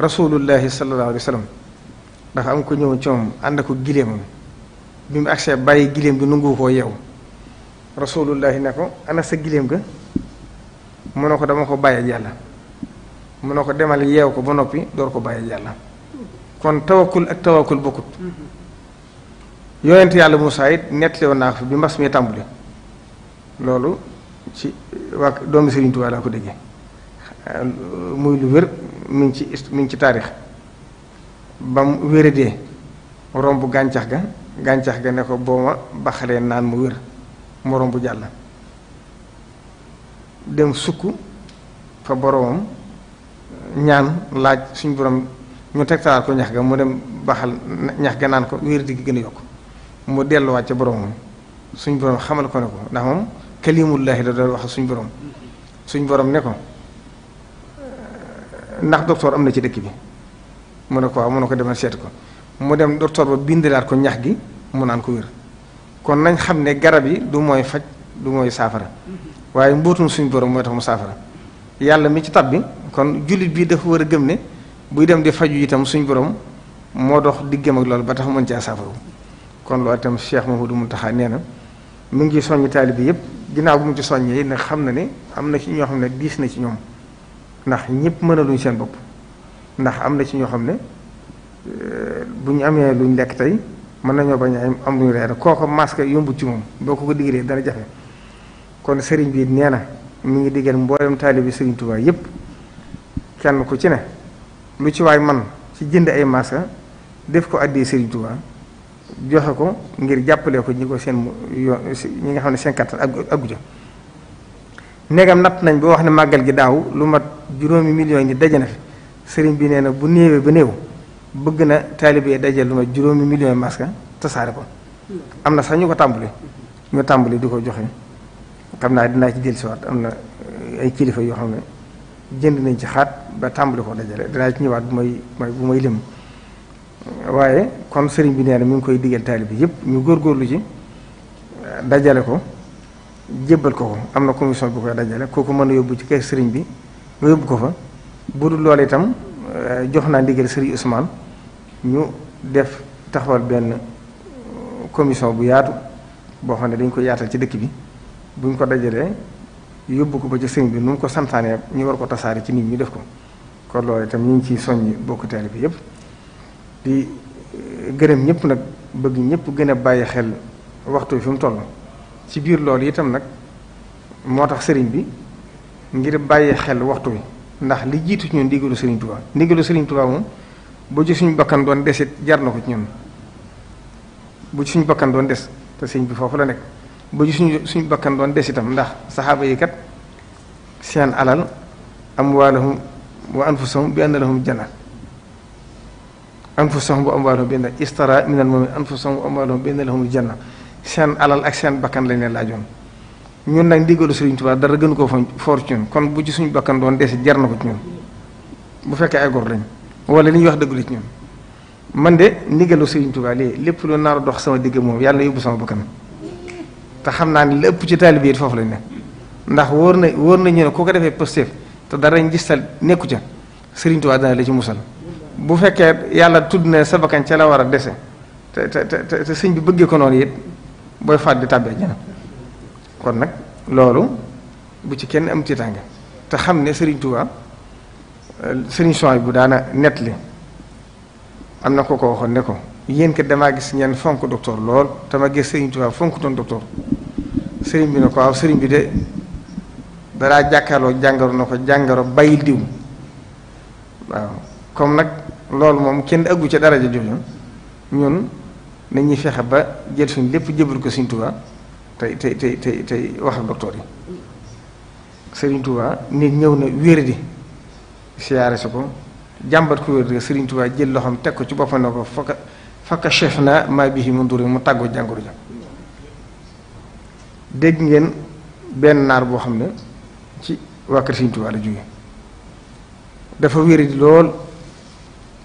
rasulullahi sallallahu alayhi wa sallam ndax am ko ñëw ci moom ànd ko gileemam bi mu agsee bàyyi giléem gi nungu koo yeew rasulullahi ne ko ana sa giléem ga mu ne ko dama ko bàyyi yàlla mu ne ko demal yeew ko ba noppi door ko bàyyi yàlla kon tawakkul ak tawakkul bokkut mm-hmm. yonent yàlla mu it nettali woon naa fi bi mbas mi tàmbali loolu ci waa doomi Sëriñ Tuubaa laa ko déggee muy lu wér mi ci mi ngi ci taarix bam mu wéradee romb gàncax ga gàncax ga ne ko boo ma baxalee naan mu wér moroom bu jàll dem sukk fa boromam ñaan laaj suñ borom ñu tegtalaat ko ñax ga mu dem baxal ñax ga naan ko wér di gën a yokk mu delluwaat ca boromam suñ borom xamal ko ne ko ndax moom kalimullahi la doon wax suñ borom suñ borom ne ko ndax docteur am na ci dëkk bi mu ne ko waaw mu ne ko demal seet ko mu dem docteur ba bindalaat ko ñax gi mu naan ko wér kon nañ xam ne garab yi du mooy faj du mooy saafara waaye mbootum suñu borom mooy tax mu saafara yàlla mi ci tab bi kon jullit bi dafa war a gëm ne buy dem di faju itam suñu borom moo dox diggam ak loolu ba tax mën caa saafara kon loolu itam Cheikh Mouhamadou Mountakha nee na mu ngi soññ taalibe yëpp ginnaaw bu mu ci soññee nag xam na ne am na ci ñoo xam ne diis na ci ñoom ndax ñëpp mënaluñ seen bopp ndax am na ci ñoo xam ne. bu ñu amee lu ñu lekk tey mën nañoo bañ a am lu ñu reer kooko masque yombut ci moom boo ko ko digalee dana jafe kon sëriñ bi nee na mi ngi digal mboolem taalibi sëriñ Tuubaa yépp kenn ko ci ne lu ci waay man ci jënd ay masque def ko àddee sëriñ Tuubaa joxe ko ngir jàppale ko ñi ko seen yoon ñi nga xam ne seen kattan ak aggu ja natt nañ boo wax ne màggal gi daaw lu mat juróomi million yi daje na fi sëriñ bi nee na bu néewee ba néew bëgg na taalibe dajal lu ma juróomi million masque tasaare ko am na sax ñu ko tàmbali ñu tàmbali di ko joxe xam naa dinaa ci dellusiwaat am na eh, ay kilifa yoo xam ne jënd nañ ci xaat ba tàmbali ko dajale dinaa ci ñëwaat bu may bu may lim waaye kon sëriñ bi nee na mi ngi koy digal taalibe yëpp ñu góor góorlu ci eh, dajale ko jébbal ko ko am na commission bu koy dajale ko mën a yóbbu ci kër sëriñ bi nga yóbbu ko fa bu lool itam eh, jox naa ndigal sëriñ ñu def taxawal benn commission bu yaatu boo xam ne dañ ko yaatal ci dëkk bi buñ ko dajalee yóbbu ko ba ci sëñ bi nu mu ko santaanee ñu war ko tasaare ci nit ñu def ko kon loolu itam ñu ngi ciy soññ bokk taalibe bi yëpp di euh, gërëm nag bëgg ñëpp gën a bàyyi xel waxtu fi mu toll ci biir lool itam nag moo tax sëriñ bi ngir bàyyi xel waxtu wi ndax li jiitu ñun ndigalu sëriñ Tuubaa ndigalu sëriñ Tuubaa moom bu ci suñu bakkan doon desit jar na ko ci ñun bu ci suñu bakkan doon des te sëñ bi foofu la nekk bëj suñu suñu bakkan doon des itam ndax saxaaba yi kat seen alal amwaalahum wa anfusahum bi anna lahum janna anfusahum wa amwaalahum bi anna istara min al mu'min anfusahum wa amwaalahum bi anna lahum janna seen alal ak seen bakkan lañ leen laajoon ñun nag ndigalu Sëriñ Tuubaa dara gënu ko foor ci kon bu ci suñu bakkan doon des jar na ko ci ñun bu fekkee ay góor lañ wala li ñuy wax dëggul ci ñoom man de ndigalu Serigne Touba lii lépp lu naaru dox sama digg moom yàlla na yóbbu sama bakkan te xam naa ne lépp ci taalibe yi foofu lañ ndax wóor na wóor nañu ne ko defee Pastef te dara ñu gisal nekku ca Serigne Touba la ci musal bu fekkee yàlla tudd na sa la war a dese sëñ bi bëggee ko noonu it booy faat di kon nag loolu bu ci kenn am ci tànge te xam ne Serigne Touba. sëriñ Sohaybu bu daana nett li am na ko ko waxoon ne ko yéen kat damaa gis ngeen fonk docteur lool te ma gis sëriñ Tuubaa fonk doon docteur sëriñ bi ne ko waaw sëriñ bi de daraa jàkkaarloo jàngaro na ko jàngoro bayil diw waaw comme nag loolu moom kenn ëggu ca daraja jooju ñun nañuy fexe ba jël suñ lépp jëbal ko sëriñ Tuubaa tey tey tey tey tey wax ak docteur yi sëriñ Tuubaa nit ñëw na wér di siyaare si ko jàmbat ku wér Serigne Touba jël loxoom teg ko ci boppam ne ko fakka fakka chef na maa bii mu nduri mu tàggoo jàngoro ja dégg ngeen benn naar boo xam ne ci waa kër Serigne la jóge dafa wéri di lool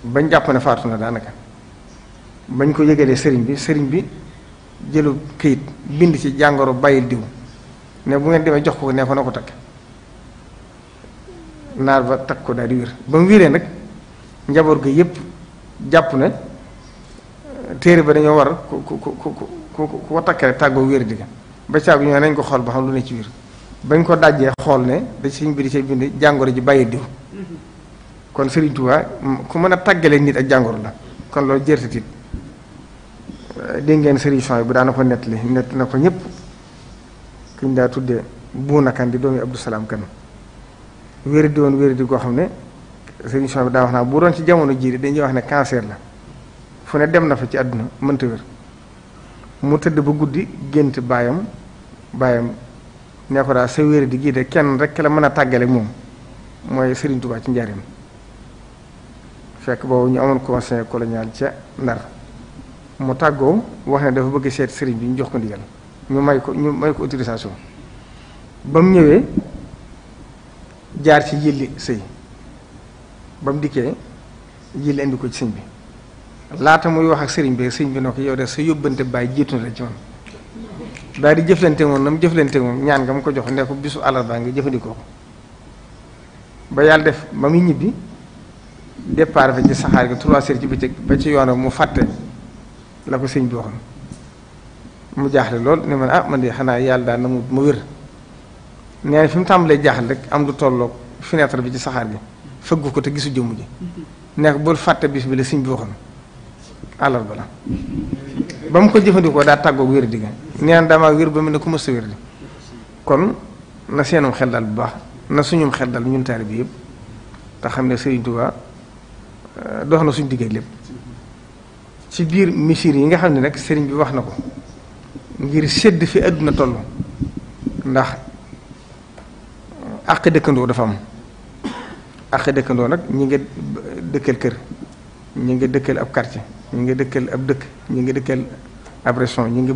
bañ jàpp ne faatu na daanaka bañ ko yëgalee sëriñ bi sëriñ bi jëlu këyit bind ci jàngoro bàyyil diw ne bu ngeen demee jox ko ne ko na ko takk naar ba takk ko daal di wér ba mu wéree nag njaboot ga yépp jàpp ne euh, téere ba dañoo war ku ku ku ku ku ko takk tàggoo wér di ba caagu ñoo nañ ko xool ba xam lu ne ci biir bañ ko dajjee xool ne da sëñ bi di see bind jàngoro ji bàyyi diw kon Serigne Touba ku mën a tàggalee nit ak jàngoro la kon loolu jërta tiit euh, dégg ngeen Serigne yi bu daana ko nettali nett na ko ñëpp kuñ daa tuddee buunakan di doomi Abdou Salaam Kan wéradi woon wéradi goo xam ne sëriñ bi daa wax naa bu doon ci jamono jii dañuy wax ne kanseer la fu ne dem na fa ci àdduna mënta wér mu tëdd ba guddi gént baayam baayam ne ko daal sa wéradi gii de kenn rek la mën a tàggale moom mooy sëriñ Touba ci njaareem fekk boobu ñu amoon conseil colonial ca Ndar mu tàggoo wax ne dafa bëgg seet sëriñ bi ñu jox ko ndigal ñu may ko ñu may ko autorisation ba mu ñëwee jaar ci yëlli sëy ba mu dikkee yëlli indi ko ci sëñ bi laata muy wax ak sëriñ bi sëñ bi noo ko yow de sa yóbbante baay jiitu na la ci man daal di jëflante moom na mu jëflante moom ñaan nga mu ko jox ne ko bisu baa ngi jëfandikoo ko ba yàlla def ba muy ñibbi départ fa ci saxaar gi trois heures ci ba ci yoonam mu fàtte la ko sëñ bi waxoon mu jaaxle lool ne man ah man de xanaa yàlla daal na mu wér nee fi mu tàmbalee jaaxal rek am lu tolloog fenêtre bi ci saxaar bi fëggu ko te gisu jëmm ji nekk bul fàtte bis bi la siñ bi waxoon àllarba la ba mu ko jëfandikoo daa tàggoog wér di nga nee na damaa wér ba mu ne ku mës wér di kon na seenum xel dal bu baax na suñum xel dal ñun taari bi yëpp te xam ne Sëriñ Tuubaa euh, dox na suñu digg lépp ci biir misir yi nga xam ne nag sëriñ bi wax na ko ngir sedd fi àdduna toll ndax àq dëkkandoo dafa am àq dëkkandoo nag ñi nga dëkkal kër ñi nga dëkkal ab quartier ñi nga dëkkal ab dëkk ñi nga dëkkal ab région ñi nga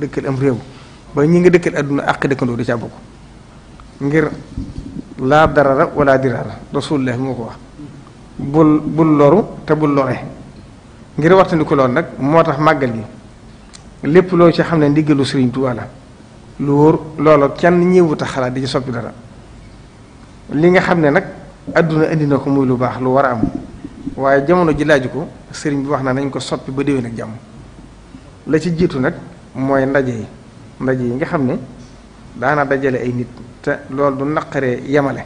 dëkkal am réew ba ñi nga dëkkal àdduna àq dëkkandoo di ca ko ngir laa darara wala dirara rasulullah moo ko wax bul bul loru te bul lore ngir waxtandiku loolu nag moo tax màggal gi lépp loo ci xam ne ndiggalu Sëriñ Tuubaa la lu wóor loola kenn ñëwut a xalaat di ci soppi dara li nga xam ne nag àdduna indi na ko muy lu baax lu war a am waaye jamono ji laaju ko sëriñ bi wax naa nañ ko soppi ba déwén ak jàmm la ci jiitu nag mooy ndaje yi ndaje yi nga xam ne daana dajale ay nit te loolu du naqaree yamale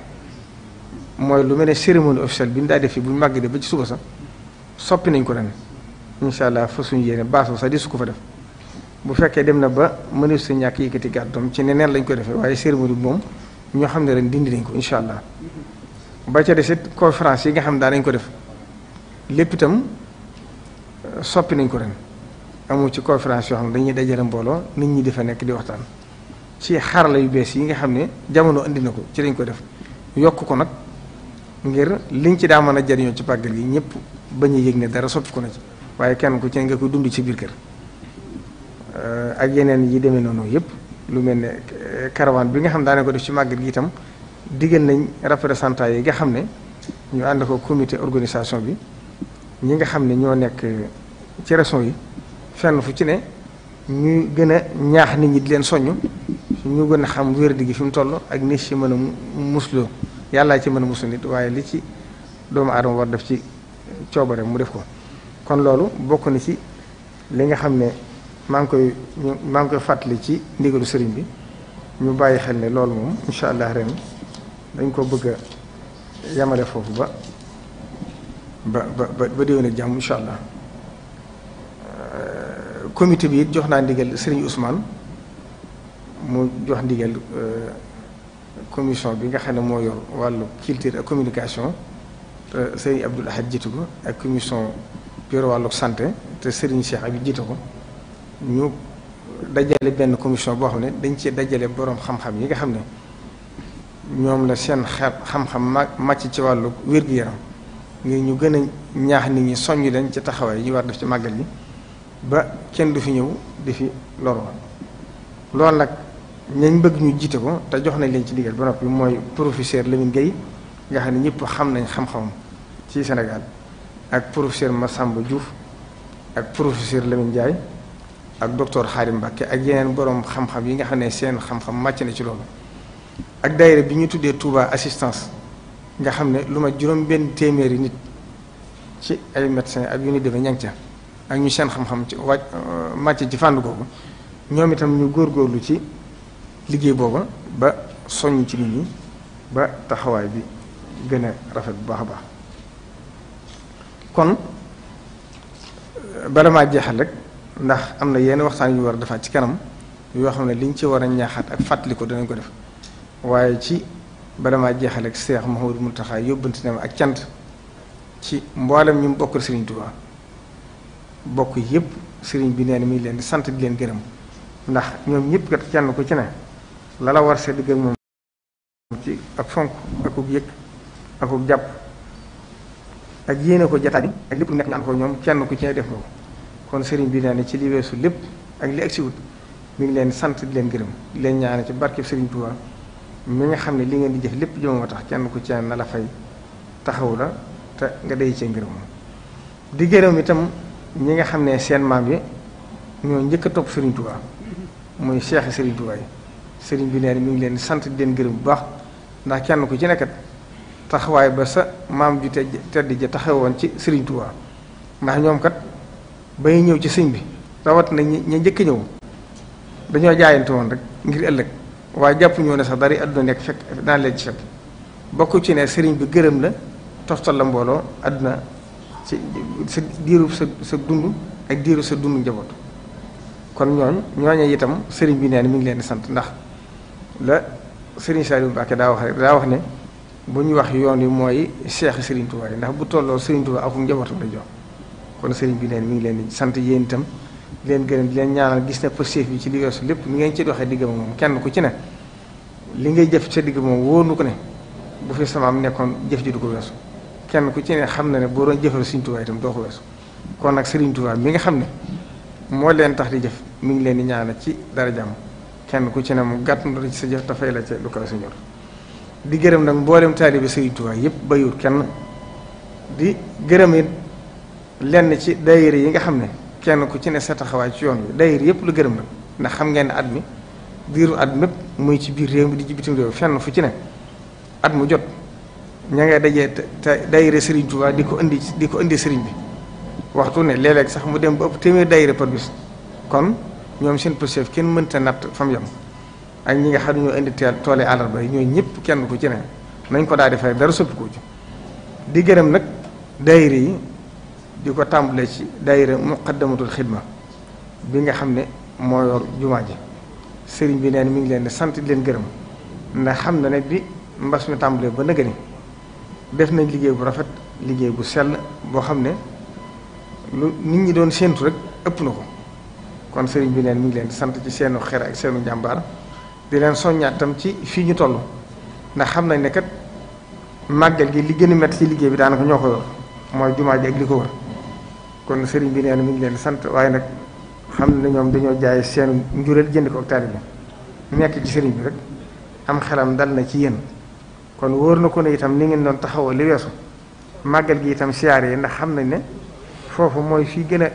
mooy lu mel ne cérémonie officielle bi ñu daa def fi bu ñu màgg de ba ci suba sax soppi nañ ko ren incha allah fa suñ yéene baaso sax di su ko fa def bu fekkee dem na ba mënees sa ñàkk yëkkati gàddoom ci neneen lañ ko defee waaye cérémonie bi moom. ñoo xam ne ren dindi nañ ko incha allah ba ca des it conférence yi nga xam daa nañ ko def lépp itam soppi nañ ko ren amul ci conférence yoo xam ne dañuy dajale mbooloo nit ñi di nekk di waxtaan ci xarala yu bees yi nga xam ne jamono indi na ko ci lañ ko def yokk ko nag ngir li ñu ci daa mën a jariñoo ci pàggal yi ñëpp ba ñu yëg ne dara soppi ko na ci waaye kenn ku ci nga koy dund ci biir kër ak yeneen yi demee noonu yëpp. lu mel ne eh, caravane bi nga xam daane ko def ci màggal gi itam digal nañ représentant yi nga xam ne ñu ànd ko comité organisation bi ñi nga xam ne ñoo nekk ci région yi fenn fu ci ne ñuy gën a ñaax nit ñi di leen soññ ñu gën xam wéer di gi fi mu toll ak ni ci mën a musloo yàllaa ci mën a muslu nit waaye li ci doomu aadama war def ci coobare mu def ko kon loolu bokk na ci li nga xam ne maa koy maa ngi koy fàttali ci ndigalu sëriñ bi ñu bàyyi xel ne loolu moom incha allah ren dañ ko bëgg a yamale foofu ba ba ba ba déwén jàmm incha allah euh, comité bi it jox naa ndigal sëriñ Ousmane mu jox ndigal euh, commission bi nga xam ne moo yor wàllu culture ak communication te sëriñ Abdoul Ahad jiitu ko ak commission yor wàllu santé te sëriñ Cheikh abi jiitu ko. ñu dajale benn commission boo xam ne dañ ci dajale boroom xam-xam yi nga xam ne ñoom la seen xeet xam-xam màcc ci wàllu wér-gu-yaram ngir ñu gën a ñaax nit ñi soññ leen ci taxawaay yi war def ci màggal yi ba kenn du fi ñëw di fi loru loolu nag ñañ bëgg ñu jiite ko te jox nañ leen ci digal ba noppi mooy professeur Lamine Gueye nga xam ne ñëpp xam nañ xam-xamam ci Sénégal ak professeur Massamba Diouf ak professeur Lamine Ndiaye ak docteur xaari Mbàkke ak yeneen borom xam-xam yi nga xam ne seen xam-xam màcc na ci loolu ak daayira bi ñu tuddee Touba assistance nga xam ne lu ma juróom-benn téeméeri nit ci ay médecins ak yu ni demee ña ca ak ñu seen xam-xam ci wàcc euh, màcc ci fànn googu ñoom itam ñu góorlu ci liggéey booba ba soññ ci nit ñi ba taxawaay bi gën a rafet bu baax a baax kon euh, bala maa jeexal rek. ndax am na yenn waxtaan yu war a defaat ci kanam yoo xam ne liñ ci war a ñaaxaat ak fàttali ko danañ ko def waaye ci bala maa jeexal ak Seex Mouhamadou taxaay yóbbante na ma ak cant ci mboolem ñu bokkal Serigne Touba bokk yépp sëriñ bi nee na mi ngi leen di sant di leen gërëm ndax ñoom ñëpp kenn ku ci ne war sa digg ak moom ci ak fonk jàpp ak yéene ko jataay ak lépp nekk nga ko ñoom kenn ku ci ne def nga ko. kon sëriñ bi nee na ci li weesu lépp ak li agsiwut mi ngi leen sant di leen gërëm leen ñaane ci barkeb sëriñ Tuubaa mi nga xam ne li ngeen di jëf lépp jëmoo tax kenn ku ci na fay taxaw la te nga day cee di gërëm itam ñi nga xam ne seen maam yi ñoo njëkk a topp sëriñ muy seex sëriñ Tuubaa yi sëriñ bi nee na mi ngi leen sant di leen gërëm bu baax ndax kenn ku ci nekkat taxawaay ba sa maam ju tedd ja taxawoon ci sëriñ Tuubaa ndax ñoom kat ba ñëw ci sëñ bi rawat na ñi ña njëkk ñëw dañoo jaayante woon rek ngir ëllëg waaye jàpp ñoo ne sax dara àdduna nekk fekk ci fekk bokk ci ne sëriñ bi gërëm la toftal la mbooloo àdduna ci dund ak diiru sa dund njaboot kon ñooñ ñooñe itam sëriñ bi nee na mi ngi leen di sant ndax la sëriñ Saliou Mbacké daa wax rek wax ne bu ñu wax yoon yi mooy seex sëriñ Tuubaa yi ndax bu tolloo sëriñ Tuubaa akum njabootam la jox kon sëriñ bi leen mi ngi leen di sant yéen itam di leen gërëm di leen ñaanal gis na positif yi ci li yos lépp ni ngeen ci doxee digg moom kenn ku ci ne li ngay jëf sa digg moom woo nu ko ne bu fi sama am nekkoon jëf ji du ko weesu kenn ku ci ne xam na ne boo doon jëfal Sëriñ Tuubaa itam doo ko weesu kon nag Sëriñ Tuubaa mi nga xam ne moo leen tax di jëf mu ngi leen di ñaanal ci dara jàmm kenn ku ci ne mu gàtt ci sa jëf dafay la ca lu ko suñor di gërëm nag mboolem taalibe Sëriñ Tuubaa yëpp bayur kenn di gërëm it lenn ci daayira yi nga xam ne kenn ku ci ne sa taxawaay ci yoon wi daayira yëpp lu gërëm la ndax xam ngeen ne at mi diiru at mépp muy ci biir réew mi di ci bitim réew fenn fu ci ne at mu jot ña ngay dajee te daayira Serigne Touba di ko indi di ko indi Serigne bi waxtu ne léeg sax mu dem ba ëpp téeméer daayira kon ñoom seen pëseef kenn mënta natt fa mu ak ñi nga xam ne ñoo indi teel yi ñooy ñëpp kenn ku ci ne nañ ko daal di fay dara soppiku ci di gërëm nag daayira yi. di ko tàmbalee ci daayira muqaddamatul xidma bi nga xam ne moo yor jumaa ji sëriñ bi neen mi ngi leen di sant di leen gërëm ndax xam na ne bi mbas mi tàmbalee ba nëgëni def nañ liggéey bu rafet liggéey bu sell boo xam ne lu nit ñi doon séentu rek ëpp na ko kon sëriñ bi neen mi ngi leen sant ci seenu xer ak seenu njàmbaar di leen soññaatam ci fii ñu toll ndax xam nañ ne kat màggal gi li gën a métti ci liggéey bi daanaka ñoo ko yor mooy jumaa ji ak ko kon sëriñ bi nee na mi ngi leen sant waaye nag xam na ñoom dañoo jaay seen njureel jënd ko ak taalibe mu nekk ci sëriñ bi rek am xelam dal na ci yéen kon wóor na ko ne itam ni ngeen doon taxawoo li weesu màggal gi itam siyaar yi ndax xam na ne foofu mooy fi gën a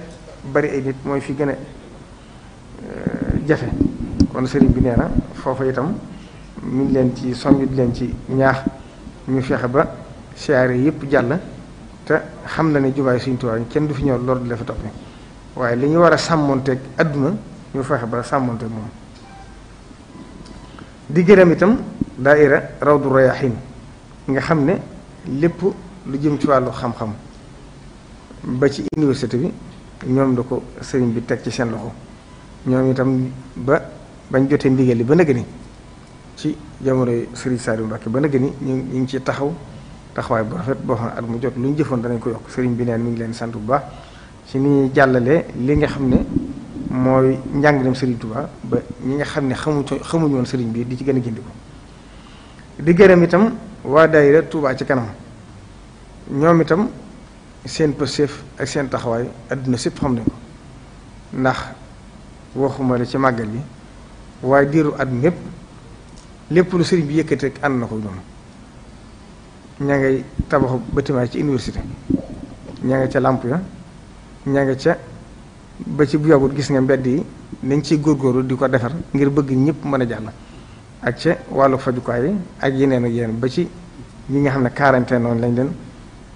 bari ay nit mooy fi gën a euh, jafe kon sëriñ bi nee na foofu itam mu ngi leen ci soññ leen ci ñaax ñu fexe ba siyaar yi yëpp jàll te xam na ne jubaay Sëriñ Tuubaa kenn du fi ñëw loolu di la waaye li ñu war a sàmmonteeg àdduna ñu fexe ba sàmmonteeg moom di gërëm itam daaira Rawdu Rayaahiin nga xam ne lépp lu jëm ci wàllu xam-xam ba ci université bi ñoom la ko sëriñ bi teg ci seen loxo ñoom itam ba bañ jotee ndigal li ba nëgg ni ci jamonoy sëriñ Saliou Mbacké ba nëgg ni ñu ñu ngi ciy taxaw taxawaay bu rafet boo xam ne at mu jot lu ñu jëfoon danañ ko yokk sëriñ bi neen mi ngi leen sant bu baax ci ñuy jàllale li nga xam ne mooy njàngaleem sëriñ Tuubaa ba ñi nga xam ne xamu xamuñu woon sëriñ bi di ci gën a gindiku di gërëm itam Tuubaa ci kanam ñoom itam seen pëstéef ak seen taxawaay adduna sépp xam nañ ko ndax waxuma la ci màggal bi waaye diiru at mépp lépp lu sëriñ bi yëkkati rek ànd na ko ñoom ña ngay tabaxu bâtiment ci université ña nga ca làmp ya ña nga ca ba ci bu yàggul gis nga mbedd yi dañ ciy góorgóorlu di ko defar ngir bëgg ñëpp mën a jàll ak ca wàllu fajukaay yi ak yeneen ak yeneen ba ci ñi nga xam ne quarantaine noonu lañ leen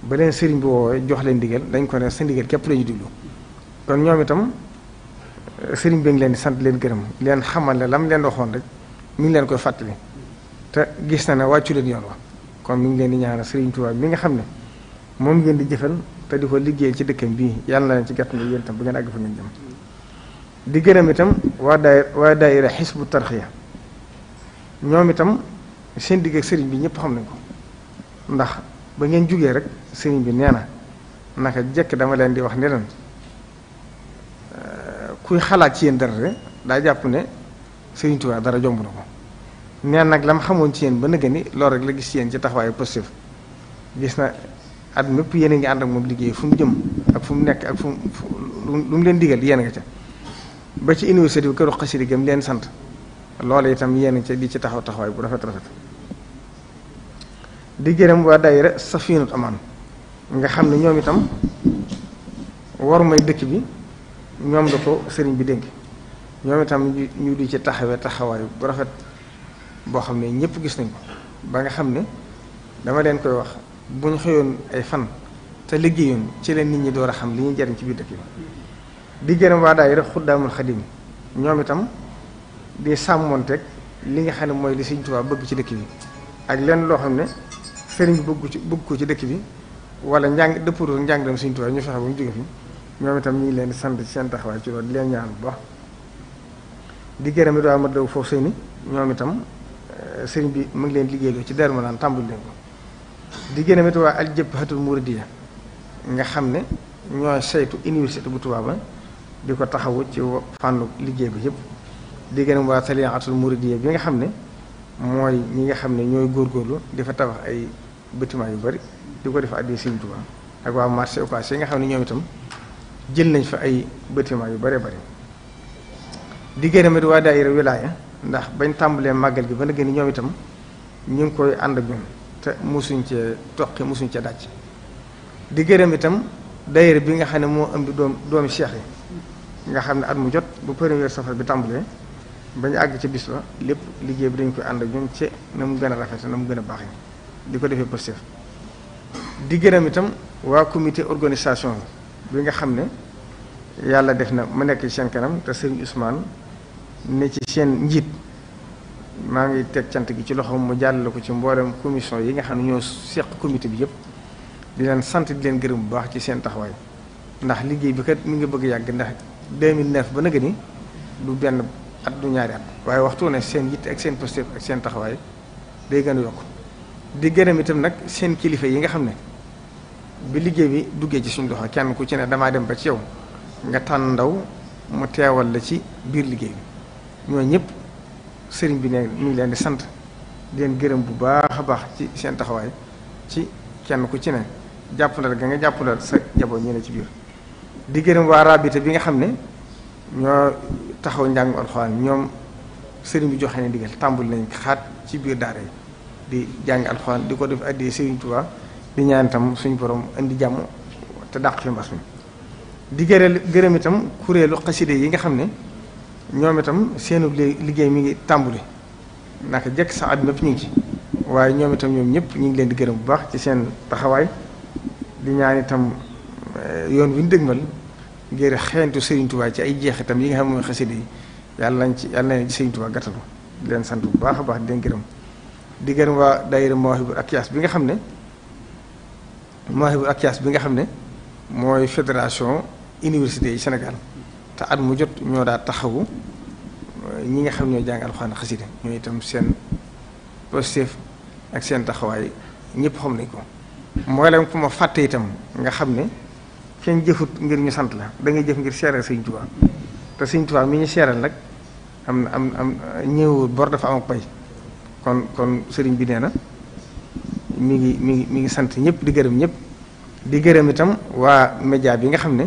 ba leen sëriñ bi woowee jox leen ndigal dañ ko ne sa ndigal képp lañu diglu kon ñoom itam sëriñ bi ngi leen di sant leen gërëm leen xamal ne lam leen waxoon rek mi ngi leen koy fàttali te gis na ne wàccu leen yoon wa kon mi ngi leen di ñaanal Serigne Touba mi nga xam ne moom ngeen di jëfal te di ko liggéey ci dëkkam bii yàlla na leen ci gàtt yéen itam bu ngeen àgg fa ngeen jëm di gërëm itam waa daay waa daayira xisbu tarxiya ñoom itam seen digg ak bi ñëpp xam nañ ndax ba ngeen jugee rek sëriñ bi nee na naka jekk dama leen di wax ne kuy xalaat ci yéen dara rek daa jàpp ne Sëriñ Tuubaa dara jomb na ko neen nag lam xamoon ci yéen ba nëgë ni loolu rek la gis yéen ci taxawaayu positif gis na at mépp yéen ngi ànd ak moom liggéey fu mu jëm ak fu mu nekk ak fu mu lu mu leen digal yéen nga ca ba ci université bi këru xasida gëm leen sant loolu itam yéen ca di ci taxaw taxawaay bu rafet rafet di gërëm waa sa Safinatu Amaan nga xam ne ñoom itam warumay dëkk bi ñoom la ko sëriñ bi dénk ñoom itam ñu di ci taxawee taxawaay bu rafet boo xam ne ñëpp gis nañ ko ba nga xam ne dama leen koy wax bu ñu xëyoon ay fan te liggéeyoon ci leen nit ñi door a xam li ñuy jariñ ci biir dëkk bi di gërëm waa daayira Xuddaamul Xadim ñoom itam di sàmmonteeg li nga xam ne mooy li Sëriñ Tuubaa bëgg ci dëkk ak lenn loo xam ne sëriñ bëgg ci bëgg ko ci dëkk bi wala njàng dëppatoo njàngaleem Sëriñ Tuubaa ñu fexe ba mu jóge ñoom itam ñu ngi leen di sant ci seen taxawaay ci loolu leen ñaan bu baax di gërëm it waa Matlaboul Fawzayni ñoom itam sëriñ bi mu ngi leen liggéeyloo ci Darou Manane tàmbali leen ko di gën a métti waa al jabhatul muridiyya nga xam ne ñoo saytu université bu Tuubaa ba di ko taxawu ci fànn liggéey bi yëpp di gën a waa taliatul muridiyya bi nga xam ne mooy ñi nga xam ne ñooy góorgóorlu di fa tabax ay bâtiment yu bari di ko def àddee waa marché occasion nga xam ne ñoom itam jël nañ fa ay bâtiment yu bari bari di gën a métti waa ndax bañ tàmbalee màggal gi ba na gën ñoom itam ñu ngi koy ànd ak ñun te mosuñ cee toqi mosuñ cee dàcc di gërëm itam daayira bi nga xam ne moo ëmb doom doomi cheikh nga xam ne at mu jot bu premier safar bi tàmbalee ba ñu àgg ci bis ba lépp liggéey bi dañ koy ànd ak ñun ci na mu gën a rafet na mu gën a baax di ko defee positif di gërëm itam waa comité organisation bi nga xam ne yàlla def na mu nekk ci seen kanam te sëriñ Ousmane ne ci seen njiit maa ngi teg cant gi ci loxo mu jàll ko ci mboolem commission yi nga xam ne ñoo seq comité bi yëpp di leen sant di leen gërëm bu baax ci seen taxawaay ndax liggéey bi kat mu ngi bëgg yàgg ndax 2009 ba nëgë ni du benn at du ñaari at waaye waxtu ne seen yitt ak seen posté ak seen taxawaay day gën a yokk di gërëm itam nag seen kilifa yi nga xam ne bi liggéey bi duggee ci suñu loxo kenn ku ci ne damaa dem ba ci yow nga tànn ndaw mu teewal la ci biir liggéey ñoo ñëpp sëriñ bi ne ñu ngi leen di sant di leen gërëm bu baax a baax ci seen taxawaay ci kenn ku ci ne jàppandal ga nga jàppandal sa jaboo ñu ci biir di gërëm waa bi nga xam ne ñoo taxaw njàngu alxuraan ñoom sëriñ bi joxe ne ndigal tàmbali nañ xaat ci biir daara yi di jàng alxuraan di ko def addee sëriñ Tuubaa di ñaan itam suñu borom indi jàmm te dàq fi mbas mi di gërëm gërëm itam kuréelu xaside yi nga xam ne ñoom itam seenu liggéey mi ngi tàmbuli naka jekk sa at mépp ñu ngi ci waaye ñoom itam ñoom ñëpp ñu ngi leen di gërëm bu baax ci seen taxawaay di ñaan itam eh, yoon wi ñu dëgmal ngir xeentu Serigne Touba ci ay jeexitam yi nga xam mooy xasida yi yàlla nañ ci yàlla nañ ci Serigne leen sant bu baax a baax di gërëm di gërëm waa daayira Mawahibou Akyas bi nga xam ne Mawahibou Akyas bi nga xam ne mooy fédération université yi Sénégal te at mu jot ñoo daal taxawu euh, ñi nga xam ñoo jàng alxuraan xasida ñoo itam seen positif ak seen taxawaay ñëpp xam nañ ko mboolem ku ma fàtte itam nga xam ne kenn jëfut ngir ñu sant la da ngay jëf ngir seeral sëñ Tuubaa te sëñ Tuubaa mi ñu seeral nag am na bor dafa am ak pay kon kon sëriñ bi nee na mi ngi mi ngi mi ngi sant ñëpp di gërëm ñëpp di gërëm itam waa média bi nga xam ne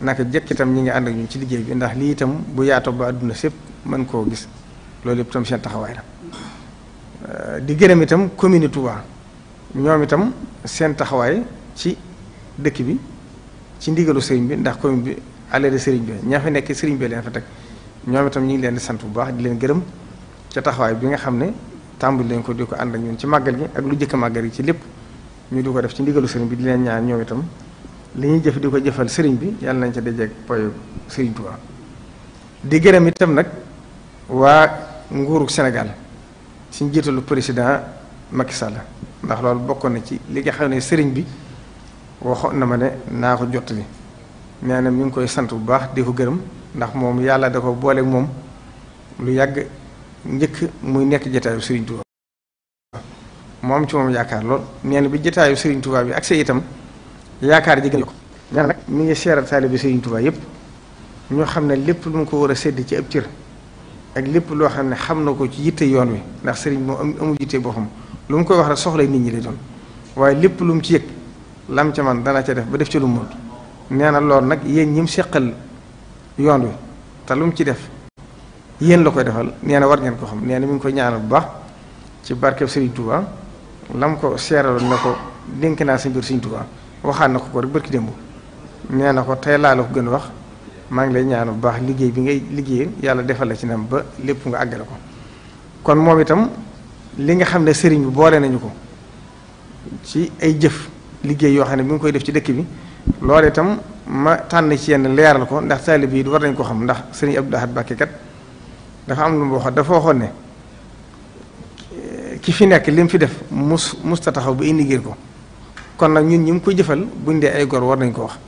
naka jëkk itam ñi ngi ànd ak ñun ci liggéey bi ndax lii itam bu yaatoo ba àdduna sépp man koo gis loolu yëpp itam seen taxawaay la euh, di gërëm itam commune Touba ñoom itam seen taxawaay ci dëkk bi ci ndigalu sëriñ bi ndax commune bi àll de sëriñ bi ñaa fa nekk sëriñ bi leen fa teg ñoom itam ñu ngi leen sant bu baax di leen gërëm ca taxawaay bi nga xam ne tàmbali leen ko di ko ànd ak ñun ci màggal gi ak lu jëkk màggal gi ci lépp ñu di ko def ci ndigalu sëriñ bi di leen ñaan ñoom itam li ñuy jëf di ko jëfal sëriñ bi yàlla nañ ca dajeeg poyu sëriñ Tuubaa di gërëm itam nag waa nguuru Sénégal ci njiitalu président Macky Sall ndax loolu bokkoon na ci li nga xam ne sëriñ bi waxoon na ma ne naa ko jot nee na mi ngi koy sant bu baax di ko gërëm ndax moom yàlla da ko booleeg moom lu yàgg njëkk muy nekk jotaayu sëriñ Tuubaa moom ci moom yaakaar lool nee na bi jotaayu sëriñ Tuubaa bi ak itam. yaakaar ji gën ko nee nag mi ngi seeral taalibe Sëriñ Tuubaa yëpp ñoo xam ne lépp lu mu ko war a sedd ci ab cër ak lépp loo xam ne xam na ko ci yitte yoon wi ndax sëriñ moo am amul yitte boo xam lu mu koy wax rek soxlay nit ñi lay doon waaye lépp lu mu ci yëg lam ca man dana ca def ba def ci lu mu nee na loolu nag yéen ñi mu seqal yoon wi te lu mu ci def yéen la koy defal nee na war ngeen ko xam nee na mu ngi ko ñaanal bu baax ci barkeb Sëriñ Tuubaa ko seeraloon ne ko dénk naa sa mbir Sëriñ waxaat na ko ko rek barki démb nee na ko tey laa la ko gën a wax maa ngi lay ñaan bu baax liggéey bi ngay liggéeyal yàlla defal la ci nam ba lépp nga àggale ko kon moom itam li nga xam ne sëriñ bi boole nañu ko ci ay jëf liggéey yoo xam ne bi nga koy def ci dëkk bi loolu itam ma tànn ci yenn leeral ko ndax taalib yi war nañ ko xam ndax sëriñ ab Ahad Mbacké dafa am lu mu waxoon dafa waxoon ne ki fi nekk li mu fi def mus musta taxaw ba indi ko kon nag ñun ñi mu koy jëfal buñ dee ay gor war nañu ko wax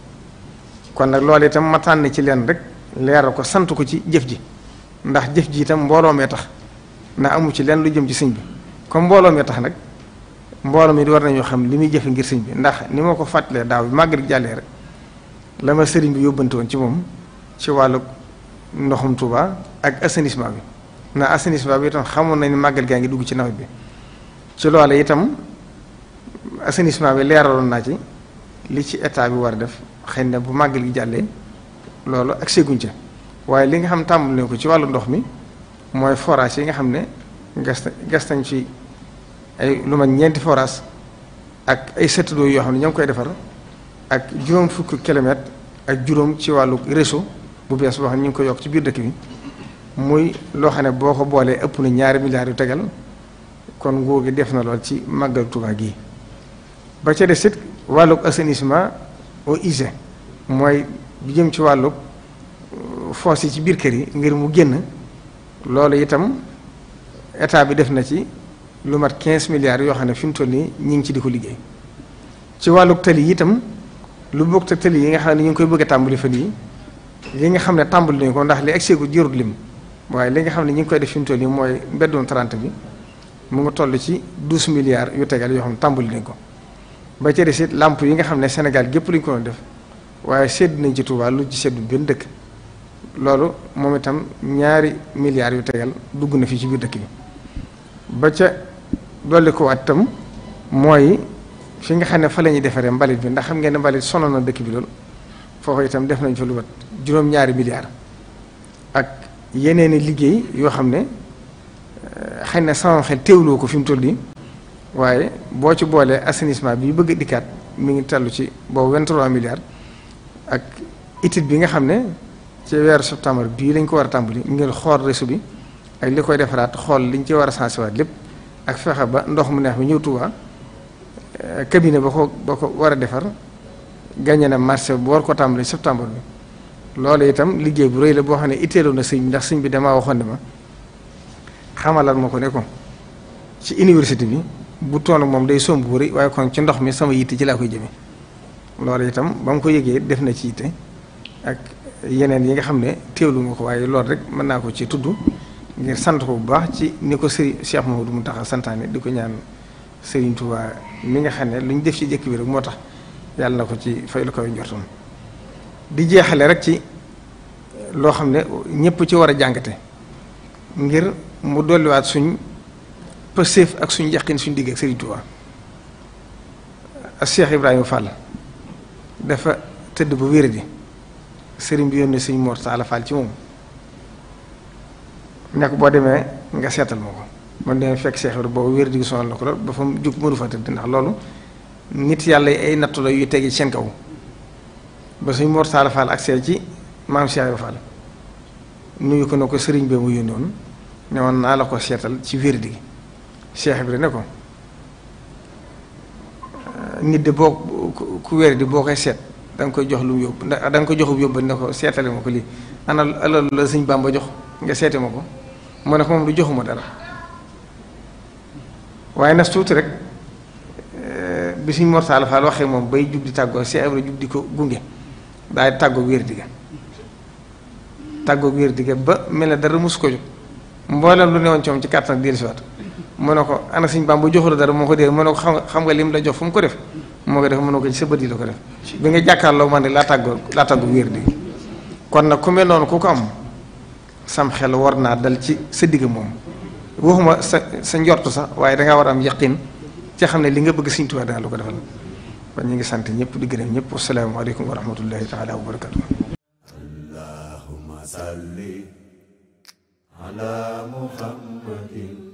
kon nag loolu itam ma tànn ci leen rek leeral ko sant ko ci jëf ji ndax jëf ji itam mbooloo mee tax ndax amu ci leen lu jëm ci sëñ bi comme mbooloo mee tax nag mbooloo mi war nañoo xam li muy jëfe ngir sëñ bi ndax ni ma ko fàttalee daaw bi màgg rek jàllee rek la ma sëriñ bi yóbbante woon ci moom ci wàllu ndoxum Tuuba ak assainissement bi ndax assainissement bi itam xamoon nañ ne màggal gaa ngi dugg ci nawet bi ci loole itam assainissement bi leeraloon naa ci li ci état bi war def xëy na bu màgg gi jàllee loolu ak seguñ ca waaye li nga xam tàmbul ne ko ci wàllu ndox mi mooy forage yi nga xam ne gas gas nañ ci ay lu ma ñeenti forage ak ay château yoo xam ne ñoo ngi koy defar ak juróom fukki kilomètre ak juróom ci wàllu réseau bu bees boo xam ne ñu ngi ko yokk ci biir dëkk bi muy loo xam ne boo ko boolee ëpp na ñaari milliards yu tegal kon ngóor gi def na lool ci màggal Tuubaa gi ba ca des it wàllug assainissement au mooy bi jëm ci wàllug euh, fosse yi ci biir kër yi ngir mu génn loolu itam état bi def na ci lu mat quinze milliards yoo xam ne fi mu toll nii ñi ngi ci di ko liggéey ci wàllug tali yi itam lu bokk te tali yi nga xam ne ñu ngi koy bëgg a tàmbali fan yi li nga xam ne tàmbali nañu ko ndax li egg seegu jërul lim waaye li nga xam ne ñu ngi koy def fi mu nii mooy mbeddum 30 bi mu ngi toll ci douze milliards yu tegal yoo xam ne tàmbali nañ ko. ba ca des làmp yi nga xam ne Sénégal gépp lañ ko doon def waaye sedd nañ ci Touba lu ci seddu benn dëkk loolu moom itam ñaari milliards yu tegal dugg na fii ci biir dëkk bi ba ca dolli ko waat itam mooy fi nga xam ne fa la ñuy defaree mbalit bi ndax xam ngeen ne mbalit sonal na dëkk bi loolu foofu itam def nañ fa lu mat juróom-ñaari milliards ak yeneen i liggéey yoo xam ne eh, xëy na sama xel teewloo ko fi mu toll nii waaye boo ci boolee assainissement bi ñu bëgg a dikkaat mi ngi tellu ci boobu 23 milliards ak étude bi nga xam ne ci weeru septembre bii lañ ko war a tàmbali ngir xool réseau bi ak li koy defaraat xool liñ ci war a sensibiliser lépp ak fexe ba ndox mu neex bi ñëw Tuuba euh, cabinet ba ko ba ko war a defar gagné ne marché bu war ko tàmbali septembre bi loolu itam liggéey bu rëy la boo xam ne itteeloon na sëñ bi ndax sëñ bi damaa waxoon ne ma xamalal ma ko ne ko ci université bi. bu toon moom day somb bu rëy waaye kon ci ndox mi sama yitte ci laa koy jëme loolu itam ba mu ko yëgee def na ci yitte ak yeneen yi nga xam ne teewlu nga ko waaye loolu rek mën naa ko ci tudd ngir sant ko bu baax ci ni ko sëriñ Cheikh Mamadou Mountakha santaane di ko ñaan sëriñ Touba mi nga xam ne lu ñu def ci jëkk bi rek moo tax yàlla na ko ci fay lu koy njortoon di jeexale rek ci loo xam ne ñëpp ci war a jàngate ngir mu dolliwaat suñ pëseef ak suñu yàqin suñu digg ak Serigne Touba ak Cheikh Ibrahima Fall dafa tëdd bu wéradi Serigne bi yónnee Sëñ Mor Talla Fall ci moom nekk boo demee nga seetal ma ko man demee fekk seex Ibrahima boobu wéradi gi sonal na ko ndax loolu nit yàlla ay nattu la yu tege ci ba Sëñ Mor Talla ak see ci maam Cheikh Ibrahima ko ne ko Serigne bi woon naa la ko seetal ci wéradi gi. Cheikh Ibra ne ko euh, nit de boo ku weer di boo koy seet da koy jox lu mu yóbbu ndax da nga ko joxub yóbbu ne ko seetale ma ko lii ana alal la sëñ Bàmba jox nga seete ma ko mu ne ko moom du joxuma dara waaye nas tuuti rek euh, bi suñ mortaal faal waxee moom bay jub di tàggoo Cheikh jub di ko gunge daay tàggoo wér digga tàggoo wér digga ba mel na dara mosu ko jóg mboolem lu newoon coom ci kàttan ak dellusiwaat mu ko ana sëñ Bàmba joxu la dara ko dee mu ne ko xam nga lim la jox fu mu ko def moo ko def mu ne ko bët yi la ko def bi nga jàkkaarloo man ne laa tàggoo laa tàggu wér kon nag ku mel noonu ko am sam xel war naa dal ci sa digg moom waxuma sa sa njort sax waaye dangaa war a am yaqin ci xam ne li nga bëgg sëñ Tuubaa daal lu ko defal kon ñu ngi sant ñëpp di gërëm ñëpp asalaamaaleykum wa rahmatullahi taala wa barakatu allahumma salli ala muhammadin